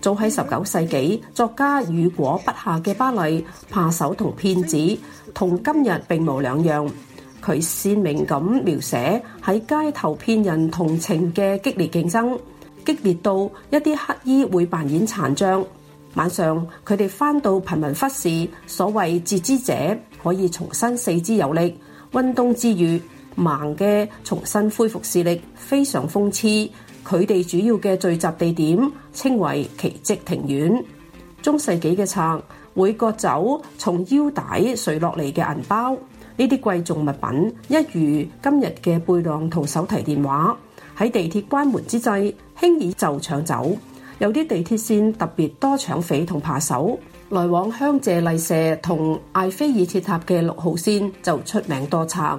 早喺十九世紀，作家雨果筆下嘅巴黎扒手同騙子，同今日並無兩樣。佢鮮明咁描寫喺街頭騙人同情嘅激烈競爭，激烈到一啲乞衣會扮演殘障。晚上佢哋翻到貧民窟時，所謂截肢者可以重新四肢有力，運動之餘盲嘅重新恢復視力，非常諷刺。佢哋主要嘅聚集地點稱為奇蹟庭院。中世紀嘅賊會割走從腰帶垂落嚟嘅銀包，呢啲貴重物品一如今日嘅背囊同手提電話。喺地鐵關門之際，輕易就搶走。有啲地鐵線特別多搶匪同扒手，來往香榭麗舍同艾菲爾鐵塔嘅六號線就出名多賊。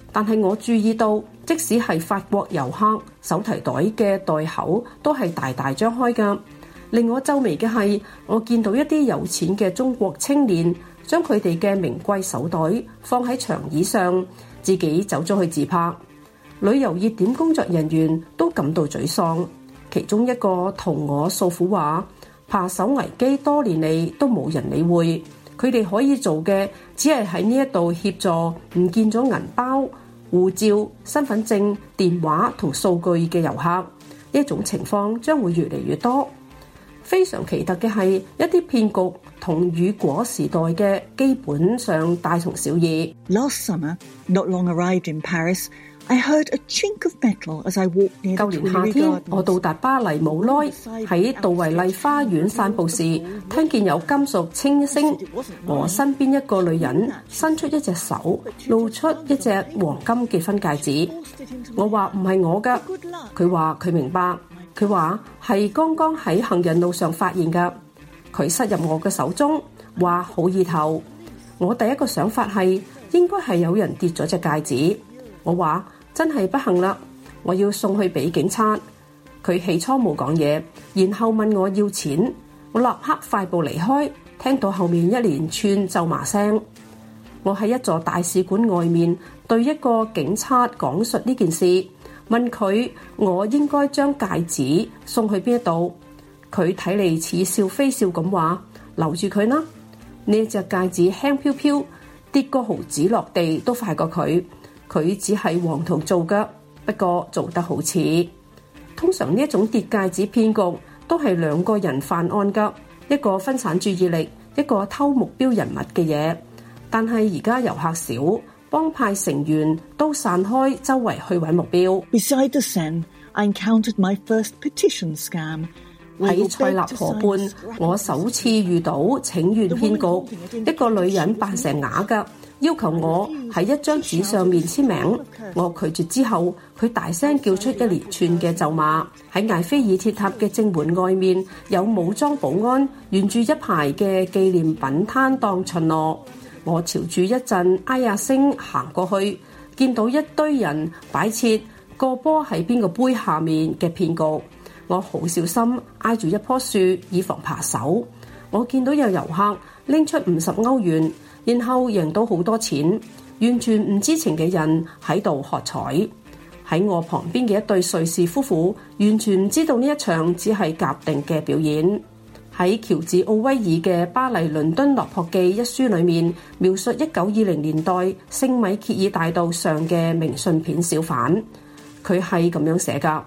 但係我注意到，即使係法國遊客，手提袋嘅袋口都係大大張開㗎。令我皺眉嘅係，我見到一啲有錢嘅中國青年將佢哋嘅名貴手袋放喺長椅上，自己走咗去自拍。旅遊熱點工作人員都感到沮喪，其中一個同我訴苦話：扒手危機多年嚟都冇人理會，佢哋可以做嘅。 只係喺呢一度協助唔見咗銀包、護照、身份證、電話同數據嘅遊客。呢一種情況將會越嚟越多。非常奇特嘅係一啲騙局同雨果時代嘅基本上大同小異。Last summer, not long arrived in Paris. I heard a chink of metal as I walk。舊年夏天，我到達巴黎冇耐喺杜維麗花園散步時，聽見有金屬清一聲，我身邊一個女人伸出一隻手，露出一隻黃金結婚戒指。我話唔係我嘅，佢話佢明白，佢話係剛剛喺行人路上發現嘅，佢塞入我嘅手中，話好意頭。我第一個想法係應該係有人跌咗隻戒指。我話真係不幸啦，我要送去俾警察。佢起初冇講嘢，然後問我要錢，我立刻快步離開。聽到後面一連串咒罵聲，我喺一座大使館外面對一個警察講述呢件事，問佢我應該將戒指送去邊一度。佢睇嚟似笑非笑咁話留住佢啦。呢隻戒指輕飄飄，跌個毫子落地都快過佢。佢只係黃銅做嘅，不過做得好似。通常呢一種跌戒指騙局都係兩個人犯案噶，一個分散注意力，一個偷目標人物嘅嘢。但係而家遊客少，幫派成員都散開周圍去揾目標。喺塞納河畔，我首次遇到請願騙局，The woman, 一個女人扮成啞嘅。要求我喺一張紙上面簽名，我拒絕之後，佢大聲叫出一連串嘅咒罵。喺艾菲爾鐵塔嘅正門外面，有武裝保安沿住一排嘅紀念品攤檔巡邏。我朝住一陣哎呀聲行過去，見到一堆人擺設個波喺邊個杯下面嘅騙局。我好小心挨住一棵樹以防扒手。我見到有遊客拎出五十歐元。然後贏到好多錢，完全唔知情嘅人喺度喝彩。喺我旁邊嘅一對瑞士夫婦，完全唔知道呢一場只係夾定嘅表演。喺喬治奧威爾嘅《巴黎倫敦落魄記》一書裏面，描述一九二零年代聖米歇爾大道上嘅明信片小販，佢係咁樣寫㗎：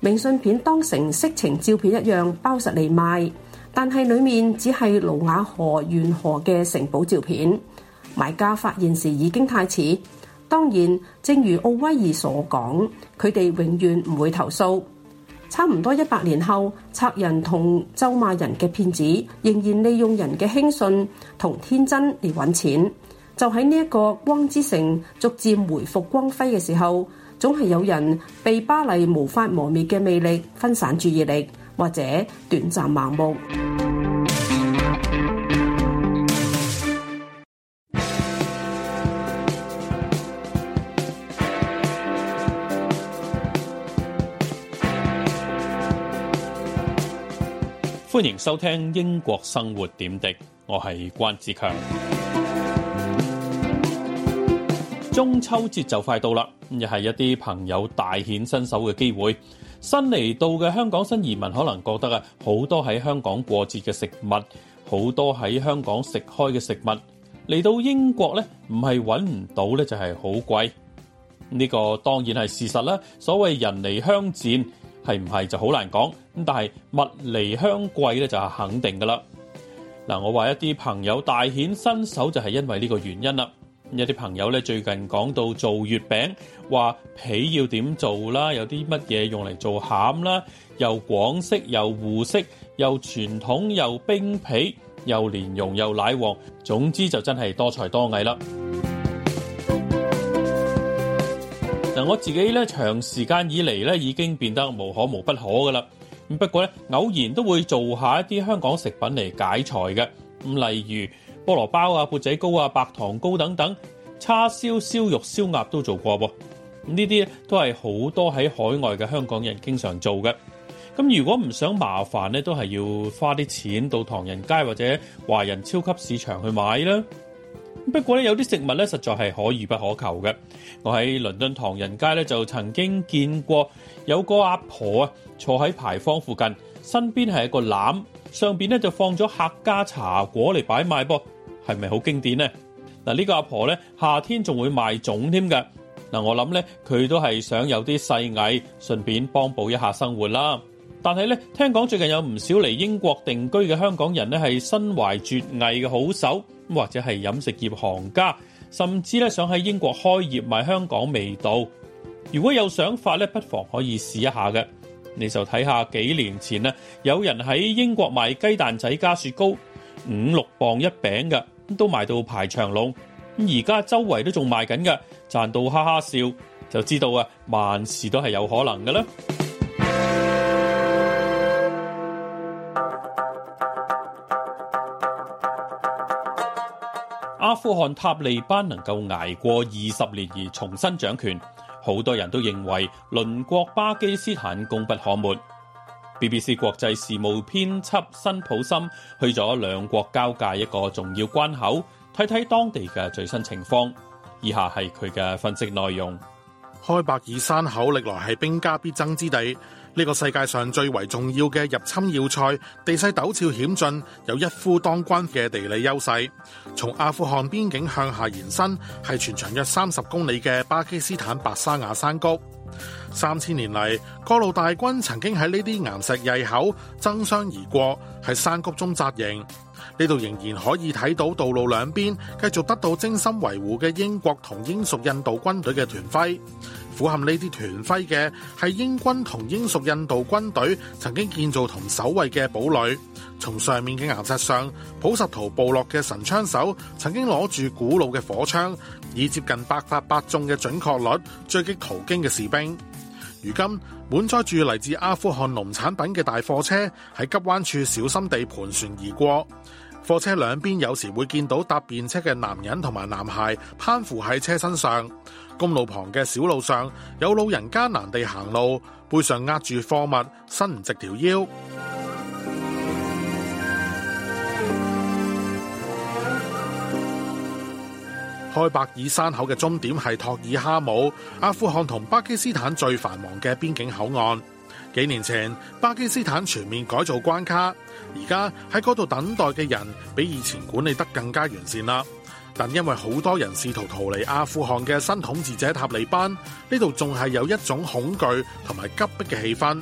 明信片當成色情照片一樣包實嚟賣。但係裡面只係盧瓦河沿河嘅城堡照片，買家發現時已經太遲。當然，正如奧威爾所講，佢哋永遠唔會投訴。差唔多一百年後，賊人同咒罵人嘅騙子仍然利用人嘅輕信同天真嚟揾錢。就喺呢一個光之城逐漸回復光輝嘅時候，總係有人被巴黎無法磨滅嘅魅力分散注意力。或者短暫盲目。歡迎收聽英國生活點滴，我係關志強。中秋節就快到啦，又係一啲朋友大顯身手嘅機會。新嚟到嘅香港新移民可能覺得啊，好多喺香港過節嘅食物，好多喺香港食開嘅食物，嚟到英國咧，唔係揾唔到咧，就係好貴。呢個當然係事實啦。所謂人離鄉賤係唔係就好難講咁，但係物離鄉貴咧，就係肯定噶啦。嗱，我話一啲朋友大顯身手就係因為呢個原因啦。有啲朋友咧，最近講到做月餅，話皮要點做啦，有啲乜嘢用嚟做餡啦，又廣式又滬式又傳統又冰皮又蓮蓉又奶黃，總之就真係多才多藝啦。嗱， 我自己咧長時間以嚟咧已經變得無可無不可噶啦。咁不過咧偶然都會做下一啲香港食品嚟解財嘅，咁例如。菠蘿包啊、鉢仔糕啊、白糖糕等等，叉燒、燒肉、燒鴨都做過，噃呢啲都係好多喺海外嘅香港人經常做嘅。咁如果唔想麻煩呢都係要花啲錢到唐人街或者華人超級市場去買啦。不過呢，有啲食物呢實在係可遇不可求嘅。我喺倫敦唐人街呢，就曾經見過有個阿婆啊，坐喺牌坊附近，身邊係一個籃，上邊呢就放咗客家茶果嚟擺賣噃。係咪好經典呢？嗱，呢個阿婆咧，夏天仲會賣粽添㗎。嗱，我諗咧，佢都係想有啲細藝，順便幫補一下生活啦。但係咧，聽講最近有唔少嚟英國定居嘅香港人咧，係身懷絕藝嘅好手，或者係飲食業行家，甚至咧想喺英國開業賣香港味道。如果有想法咧，不妨可以試一下嘅。你就睇下幾年前呢，有人喺英國賣雞蛋仔加雪糕，五六磅一餅㗎。都賣到排長龍，而家周圍都仲賣緊嘅，賺到哈哈笑，就知道啊，萬事都係有可能嘅啦。 阿富汗塔利班能夠捱過二十年而重新掌權，好多人都認為鄰國巴基斯坦功不可沒。BBC 國際事務編輯辛普森去咗兩國交界一個重要關口，睇睇當地嘅最新情況。以下係佢嘅分析內容。開伯爾山口歷來係兵家必爭之地，呢個世界上最為重要嘅入侵要塞，地勢陡峭險峻，有一夫當關嘅地理優勢。從阿富汗邊境向下延伸，係全長約三十公里嘅巴基斯坦白沙瓦山谷。三千年嚟，各路大軍曾經喺呢啲岩石隘口爭相而過，喺山谷中紮營。呢度仍然可以睇到道路兩邊繼續得到精心維護嘅英國同英屬印度軍隊嘅團徽。俯瞰呢啲團徽嘅係英軍同英屬印度軍隊曾經建造同守衛嘅堡壘。從上面嘅岩石上，普什圖部落嘅神槍手曾經攞住古老嘅火槍，以接近百發百中嘅準確率狙擊途經嘅士兵。如今滿載住嚟自阿富汗農產品嘅大貨車喺急彎處小心地盤旋而過，貨車兩邊有時會見到搭便車嘅男人同埋男孩攀附喺車身上。公路旁嘅小路上，有老人艱難地行路，背上壓住貨物，伸唔直條腰。開白爾山口嘅終點係托爾哈姆，阿富汗同巴基斯坦最繁忙嘅邊境口岸。幾年前，巴基斯坦全面改造關卡，而家喺嗰度等待嘅人比以前管理得更加完善啦。但因為好多人試圖逃離阿富汗嘅新統治者塔利班，呢度仲係有一種恐懼同埋急迫嘅氣氛。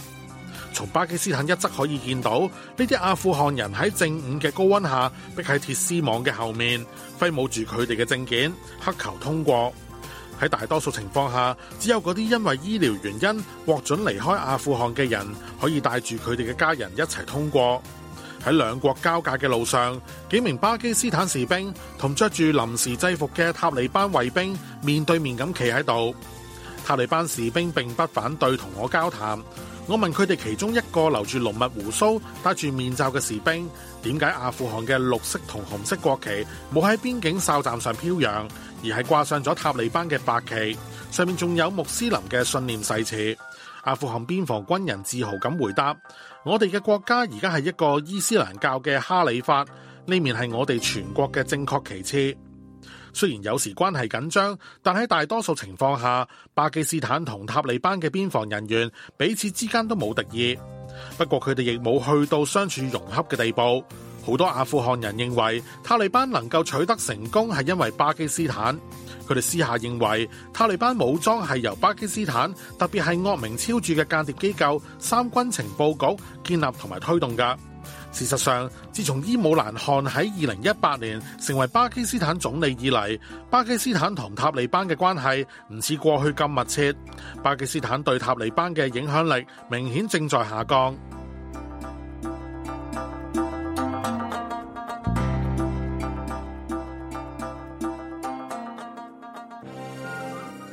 從巴基斯坦一側可以見到，呢啲阿富汗人喺正午嘅高溫下，逼喺鐵絲網嘅後面，揮舞住佢哋嘅證件，乞求通過。喺大多數情況下，只有嗰啲因為醫療原因獲准離開阿富汗嘅人，可以帶住佢哋嘅家人一齊通過。喺兩國交界嘅路上，幾名巴基斯坦士兵同着住臨時制服嘅塔利班衛兵面對面咁企喺度。塔利班士兵並不反對同我交談。我問佢哋其中一個留住濃密鬍鬚、戴住面罩嘅士兵，點解阿富汗嘅綠色同紅色國旗冇喺邊境哨站上飄揚，而係掛上咗塔利班嘅白旗？上面仲有穆斯林嘅信念誓詞。阿富汗邊防軍人自豪咁回答：我哋嘅國家而家係一個伊斯蘭教嘅哈里發，呢面係我哋全國嘅正確旗幟。雖然有時關係緊張，但喺大多數情況下，巴基斯坦同塔利班嘅邊防人員彼此之間都冇敵意。不過佢哋亦冇去到相處融洽嘅地步。好多阿富汗人認為塔利班能夠取得成功係因為巴基斯坦。佢哋私下認為塔利班武裝係由巴基斯坦，特別係惡名昭著嘅間諜機構三軍情報局建立同埋推動噶。事實上，自從伊姆蘭汗喺二零一八年成為巴基斯坦總理以嚟，巴基斯坦同塔利班嘅關係唔似過去咁密切，巴基斯坦對塔利班嘅影響力明顯正在下降。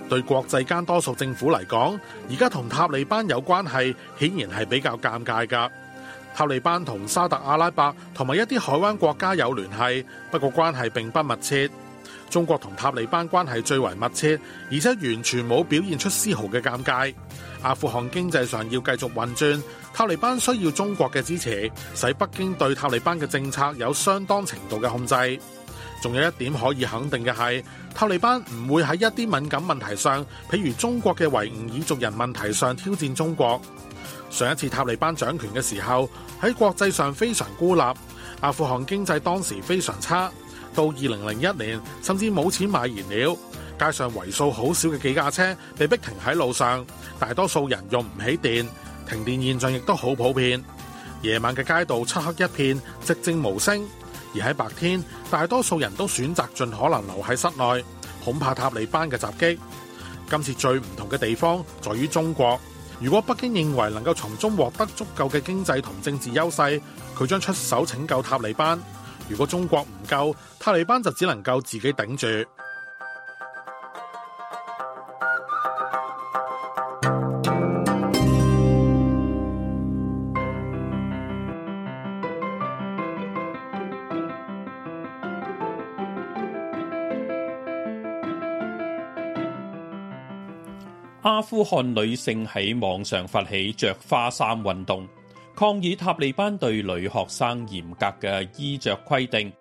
對國際間多數政府嚟講，而家同塔利班有關係，顯然係比較尷尬㗎。塔利班同沙特阿拉伯同埋一啲海灣國家有聯繫，不過關係並不密切。中國同塔利班關係最為密切，而且完全冇表現出絲毫嘅尷尬。阿富汗經濟上要繼續運轉，塔利班需要中國嘅支持，使北京對塔利班嘅政策有相當程度嘅控制。仲有一點可以肯定嘅係，塔利班唔會喺一啲敏感問題上，譬如中國嘅維吾爾族人問題上挑戰中國。上一次塔利班掌權嘅時候，喺國際上非常孤立，阿富汗經濟當時非常差，到二零零一年甚至冇錢買燃料，街上為數好少嘅幾架車被逼停喺路上，大多數人用唔起電，停電現象亦都好普遍。夜晚嘅街道漆黑一片，寂靜無聲；而喺白天，大多數人都選擇盡可能留喺室內，恐怕塔利班嘅襲擊。今次最唔同嘅地方，在於中國。如果北京認為能夠從中獲得足夠嘅經濟同政治優勢，佢將出手拯救塔利班。如果中國唔救，塔利班就只能夠自己頂住。阿富汗女性喺網上發起着花衫運動，抗議塔利班對女學生嚴格嘅衣着規定。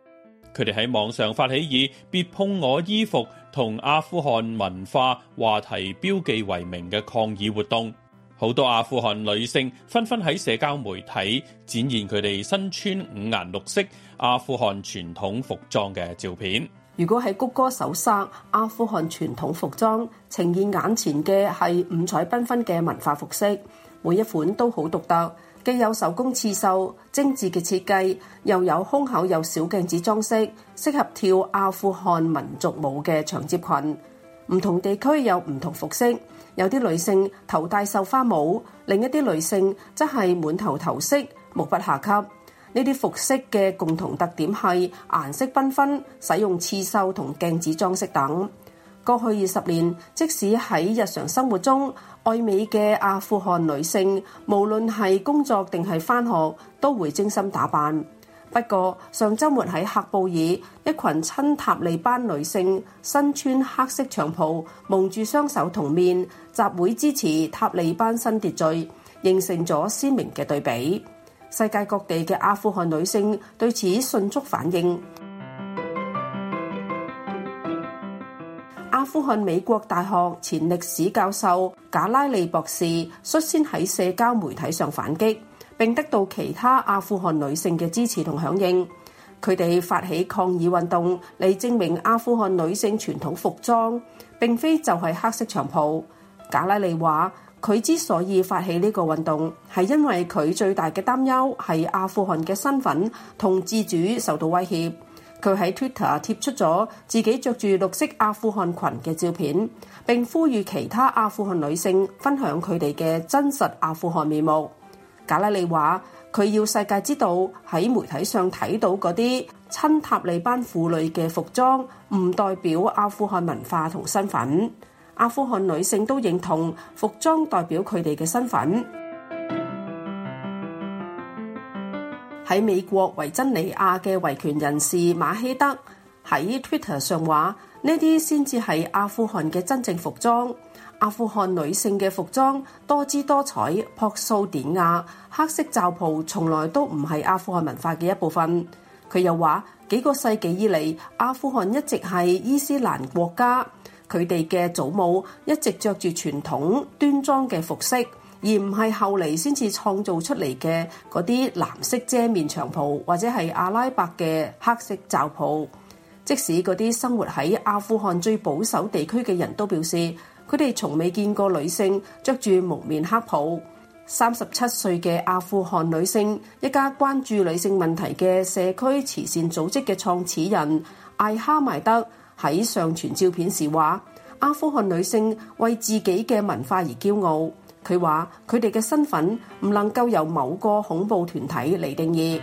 佢哋喺網上發起以“別碰我衣服”同阿富汗文化話題標記為名嘅抗議活動。好多阿富汗女性紛紛喺社交媒體展現佢哋身穿五顏六色阿富汗傳統服裝嘅照片。如果係谷歌搜索，阿富汗傳統服裝呈現眼前嘅係五彩繽紛嘅文化服飾，每一款都好獨特，既有手工刺繡、精緻嘅設計，又有胸口有小鏡子裝飾，適合跳阿富汗民族舞嘅長接裙。唔同地區有唔同服飾，有啲女性頭戴繡花帽，另一啲女性則係滿頭頭飾，目不暇給。呢啲服飾嘅共同特點係顏色繽紛、使用刺繡同鏡子裝飾等。過去二十年，即使喺日常生活中愛美嘅阿富汗女性，無論係工作定係返學，都會精心打扮。不過，上週末喺喀布爾，一群親塔利班女性身穿黑色長袍、蒙住雙手同面，集會支持塔利班新秩序，形成咗鮮明嘅對比。世界各地嘅阿富汗女性對此迅速反應。阿富汗美國大學前歷史教授賈拉利博士率先喺社交媒體上反擊，並得到其他阿富汗女性嘅支持同響應。佢哋發起抗議運動嚟證明阿富汗女性傳統服裝並非就係黑色長袍。賈拉利話。佢之所以發起呢個運動，係因為佢最大嘅擔憂係阿富汗嘅身份同自主受到威脅。佢喺 Twitter 貼出咗自己着住綠色阿富汗裙嘅照片，並呼籲其他阿富汗女性分享佢哋嘅真實阿富汗面目。賈拉利話：佢要世界知道喺媒體上睇到嗰啲親塔利班婦女嘅服裝，唔代表阿富汗文化同身份。阿富汗女性都認同服裝代表佢哋嘅身份。喺 美國維珍尼亞嘅維權人士馬希德喺 Twitter 上話：呢啲先至係阿富汗嘅真正服裝。阿富汗女性嘅服裝多姿多彩、樸素典雅。黑色罩袍從來都唔係阿富汗文化嘅一部分。佢又話：幾個世紀以嚟，阿富汗一直係伊斯蘭國家。佢哋嘅祖母一直着住傳統端莊嘅服飾，而唔係後嚟先至創造出嚟嘅嗰啲藍色遮面長袍，或者係阿拉伯嘅黑色罩袍。即使嗰啲生活喺阿富汗最保守地區嘅人都表示，佢哋從未見過女性着住蒙面黑袍。三十七歲嘅阿富汗女性，一家關注女性問題嘅社區慈善組織嘅創始人艾哈邁德。喺上傳照片時話：阿富汗女性為自己嘅文化而驕傲。佢話：佢哋嘅身份唔能夠由某個恐怖團體嚟定義。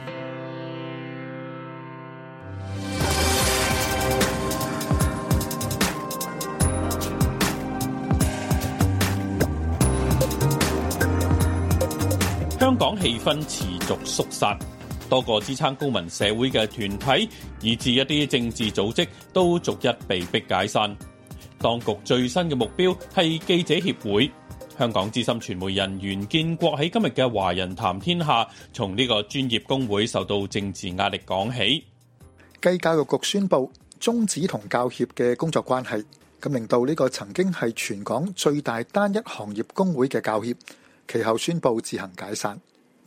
香港氣氛持續肅殺。多個支撐公民社會嘅團體，以至一啲政治組織都逐一被迫解散。當局最新嘅目標係記者協會。香港資深傳媒人袁建國喺今日嘅《華人談天下》，從呢個專業工會受到政治壓力講起。繼教育局宣布終止同教協嘅工作關係，咁令到呢個曾經係全港最大單一行業工會嘅教協，其後宣布自行解散。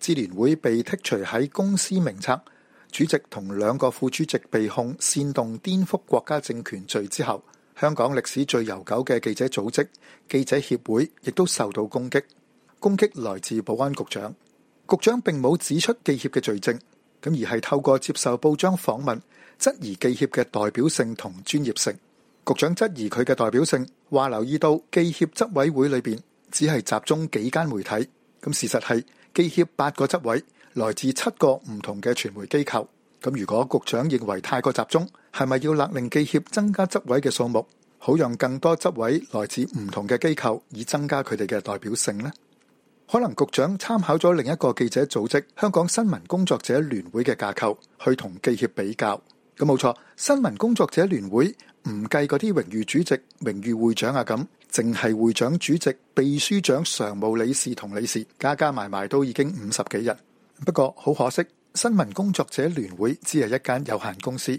支聯會被剔除喺公司名冊，主席同兩個副主席被控煽動顛覆國家政權罪之後，香港歷史最悠久嘅記者組織記者協會亦都受到攻擊。攻擊來自保安局長，局長並冇指出記協嘅罪證，咁而係透過接受報章訪問，質疑記協嘅代表性同專業性。局長質疑佢嘅代表性，話留意到記協執委會裏邊只係集中幾間媒體，咁事實係。記協八個執委來自七個唔同嘅傳媒機構，咁如果局長認為太過集中，係咪要勒令記協增加執委嘅數目，好讓更多執委來自唔同嘅機構，以增加佢哋嘅代表性呢？可能局長參考咗另一個記者組織——香港新聞工作者聯會嘅架構，去同記協比較。咁冇錯，新聞工作者聯會唔計嗰啲榮譽主席、榮譽會長啊咁。淨係會長、主席、秘書長、常務理事同理事，加加埋埋都已經五十幾人。不過好可惜，新聞工作者聯會只係一間有限公司，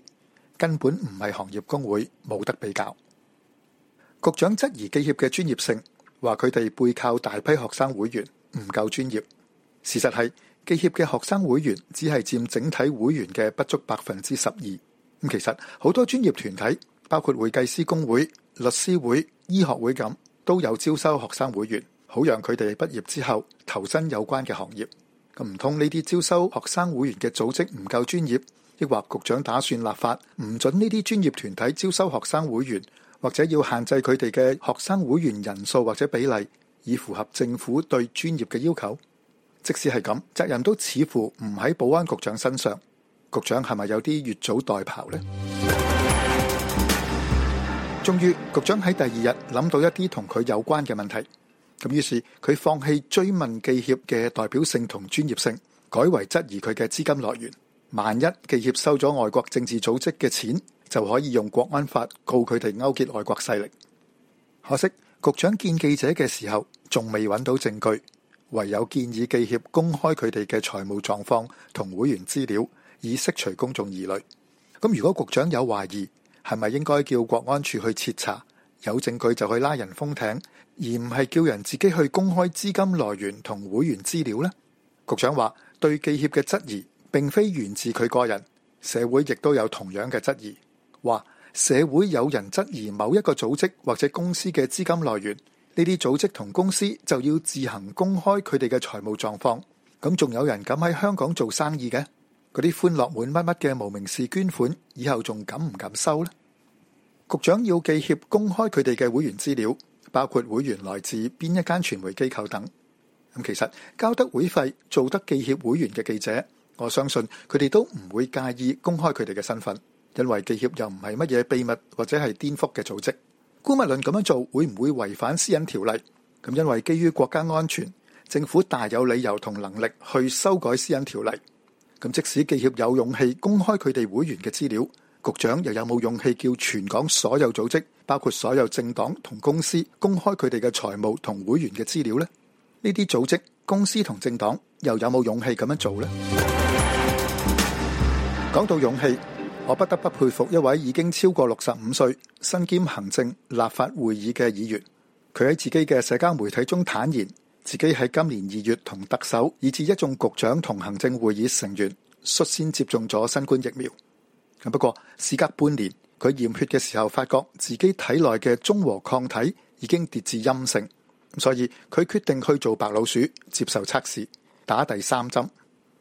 根本唔係行業工會，冇得比較。局長質疑記協嘅專業性，話佢哋背靠大批學生會員，唔夠專業。事實係記協嘅學生會員只係佔整體會員嘅不足百分之十二。咁其實好多專業團體，包括會計師公會、律師會。醫學會咁都有招收學生會員，好讓佢哋畢業之後投身有關嘅行業。咁唔通呢啲招收學生會員嘅組織唔夠專業，抑或局長打算立法唔準呢啲專業團體招收學生會員，或者要限制佢哋嘅學生會員人數或者比例，以符合政府對專業嘅要求？即使係咁，責任都似乎唔喺保安局長身上。局長係咪有啲越俎代庖呢？終於局長喺第二日諗到一啲同佢有關嘅問題，咁於是佢放棄追問記協嘅代表性同專業性，改為質疑佢嘅資金來源。萬一記協收咗外國政治組織嘅錢，就可以用國安法告佢哋勾結外國勢力。可惜局長見記者嘅時候仲未搵到證據，唯有建議記協公開佢哋嘅財務狀況同會員資料，以釋除公眾疑慮。咁如果局長有懷疑，係咪應該叫國安處去徹查？有證據就去拉人封艇，而唔係叫人自己去公開資金來源同會員資料呢？局長話對記協嘅質疑，並非源自佢個人，社會亦都有同樣嘅質疑。話社會有人質疑某一個組織或者公司嘅資金來源，呢啲組織同公司就要自行公開佢哋嘅財務狀況。咁仲有人敢喺香港做生意嘅？嗰啲歡樂滿乜乜嘅無名氏捐款，以後仲敢唔敢收呢？局長要記協公開佢哋嘅會員資料，包括會員來自邊一間傳媒機構等。咁其實交得會費、做得記協會員嘅記者，我相信佢哋都唔會介意公開佢哋嘅身份，因為記協又唔係乜嘢秘密或者係顛覆嘅組織。姑勿論咁樣做會唔會違反私隱條例？咁因為基於國家安全，政府大有理由同能力去修改私隱條例。咁即使記協有勇氣公開佢哋會員嘅資料，局長又有冇勇氣叫全港所有組織，包括所有政黨同公司公開佢哋嘅財務同會員嘅資料咧？呢啲組織、公司同政黨又有冇勇氣咁樣做咧？講 到勇氣，我不得不佩服一位已經超過六十五歲、身兼行政立法會議嘅議員，佢喺自己嘅社交媒體中坦言。自己喺今年二月同特首以至一眾局長同行政會議成員率先接種咗新冠疫苗。不過，事隔半年，佢驗血嘅時候發覺自己體內嘅中和抗體已經跌至陰性，所以佢決定去做白老鼠接受測試，打第三針。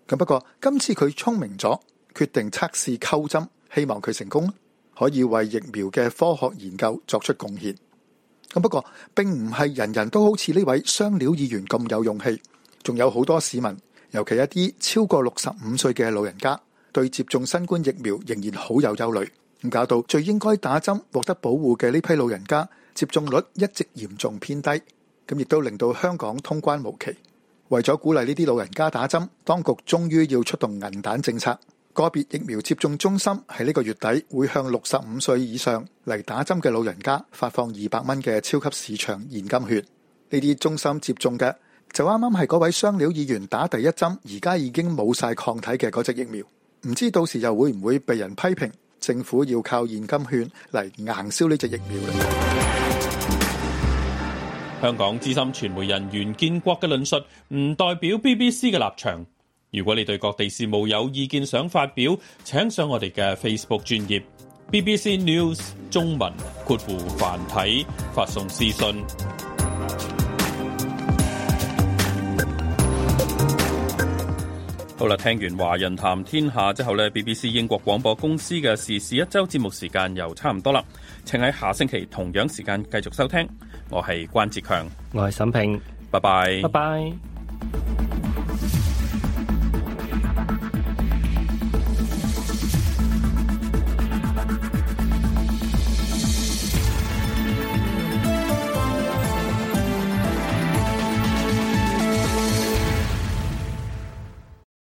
咁不過，今次佢聰明咗，決定測試溝針，希望佢成功，可以為疫苗嘅科學研究作出貢獻。咁不過並唔係人人都好似呢位雙料議員咁有勇氣，仲有好多市民，尤其一啲超過六十五歲嘅老人家，對接種新冠疫苗仍然好有憂慮。咁搞到最應該打針獲得保護嘅呢批老人家接種率一直嚴重偏低，咁亦都令到香港通關無期。為咗鼓勵呢啲老人家打針，當局終於要出動銀彈政策。個別疫苗接種中心喺呢個月底會向六十五歲以上嚟打針嘅老人家發放二百蚊嘅超級市場現金券。呢啲中心接種嘅就啱啱係嗰位雙料議員打第一針，而家已經冇晒抗體嘅嗰隻疫苗，唔知到時又會唔會被人批評政府要靠現金券嚟硬銷呢隻疫苗咧？香港資深傳媒人袁建國嘅論述唔代表 BBC 嘅立場。如果你對各地事務有意見想發表，請上我哋嘅 Facebook 專頁 BBC News 中文括弧繁體發送私信。好啦，聽完華人談天下之後呢，BBC 英國廣播公司嘅時事一周節目時間又差唔多啦，請喺下星期同樣時間繼續收聽。我係關哲強，我係沈平，拜拜，拜拜。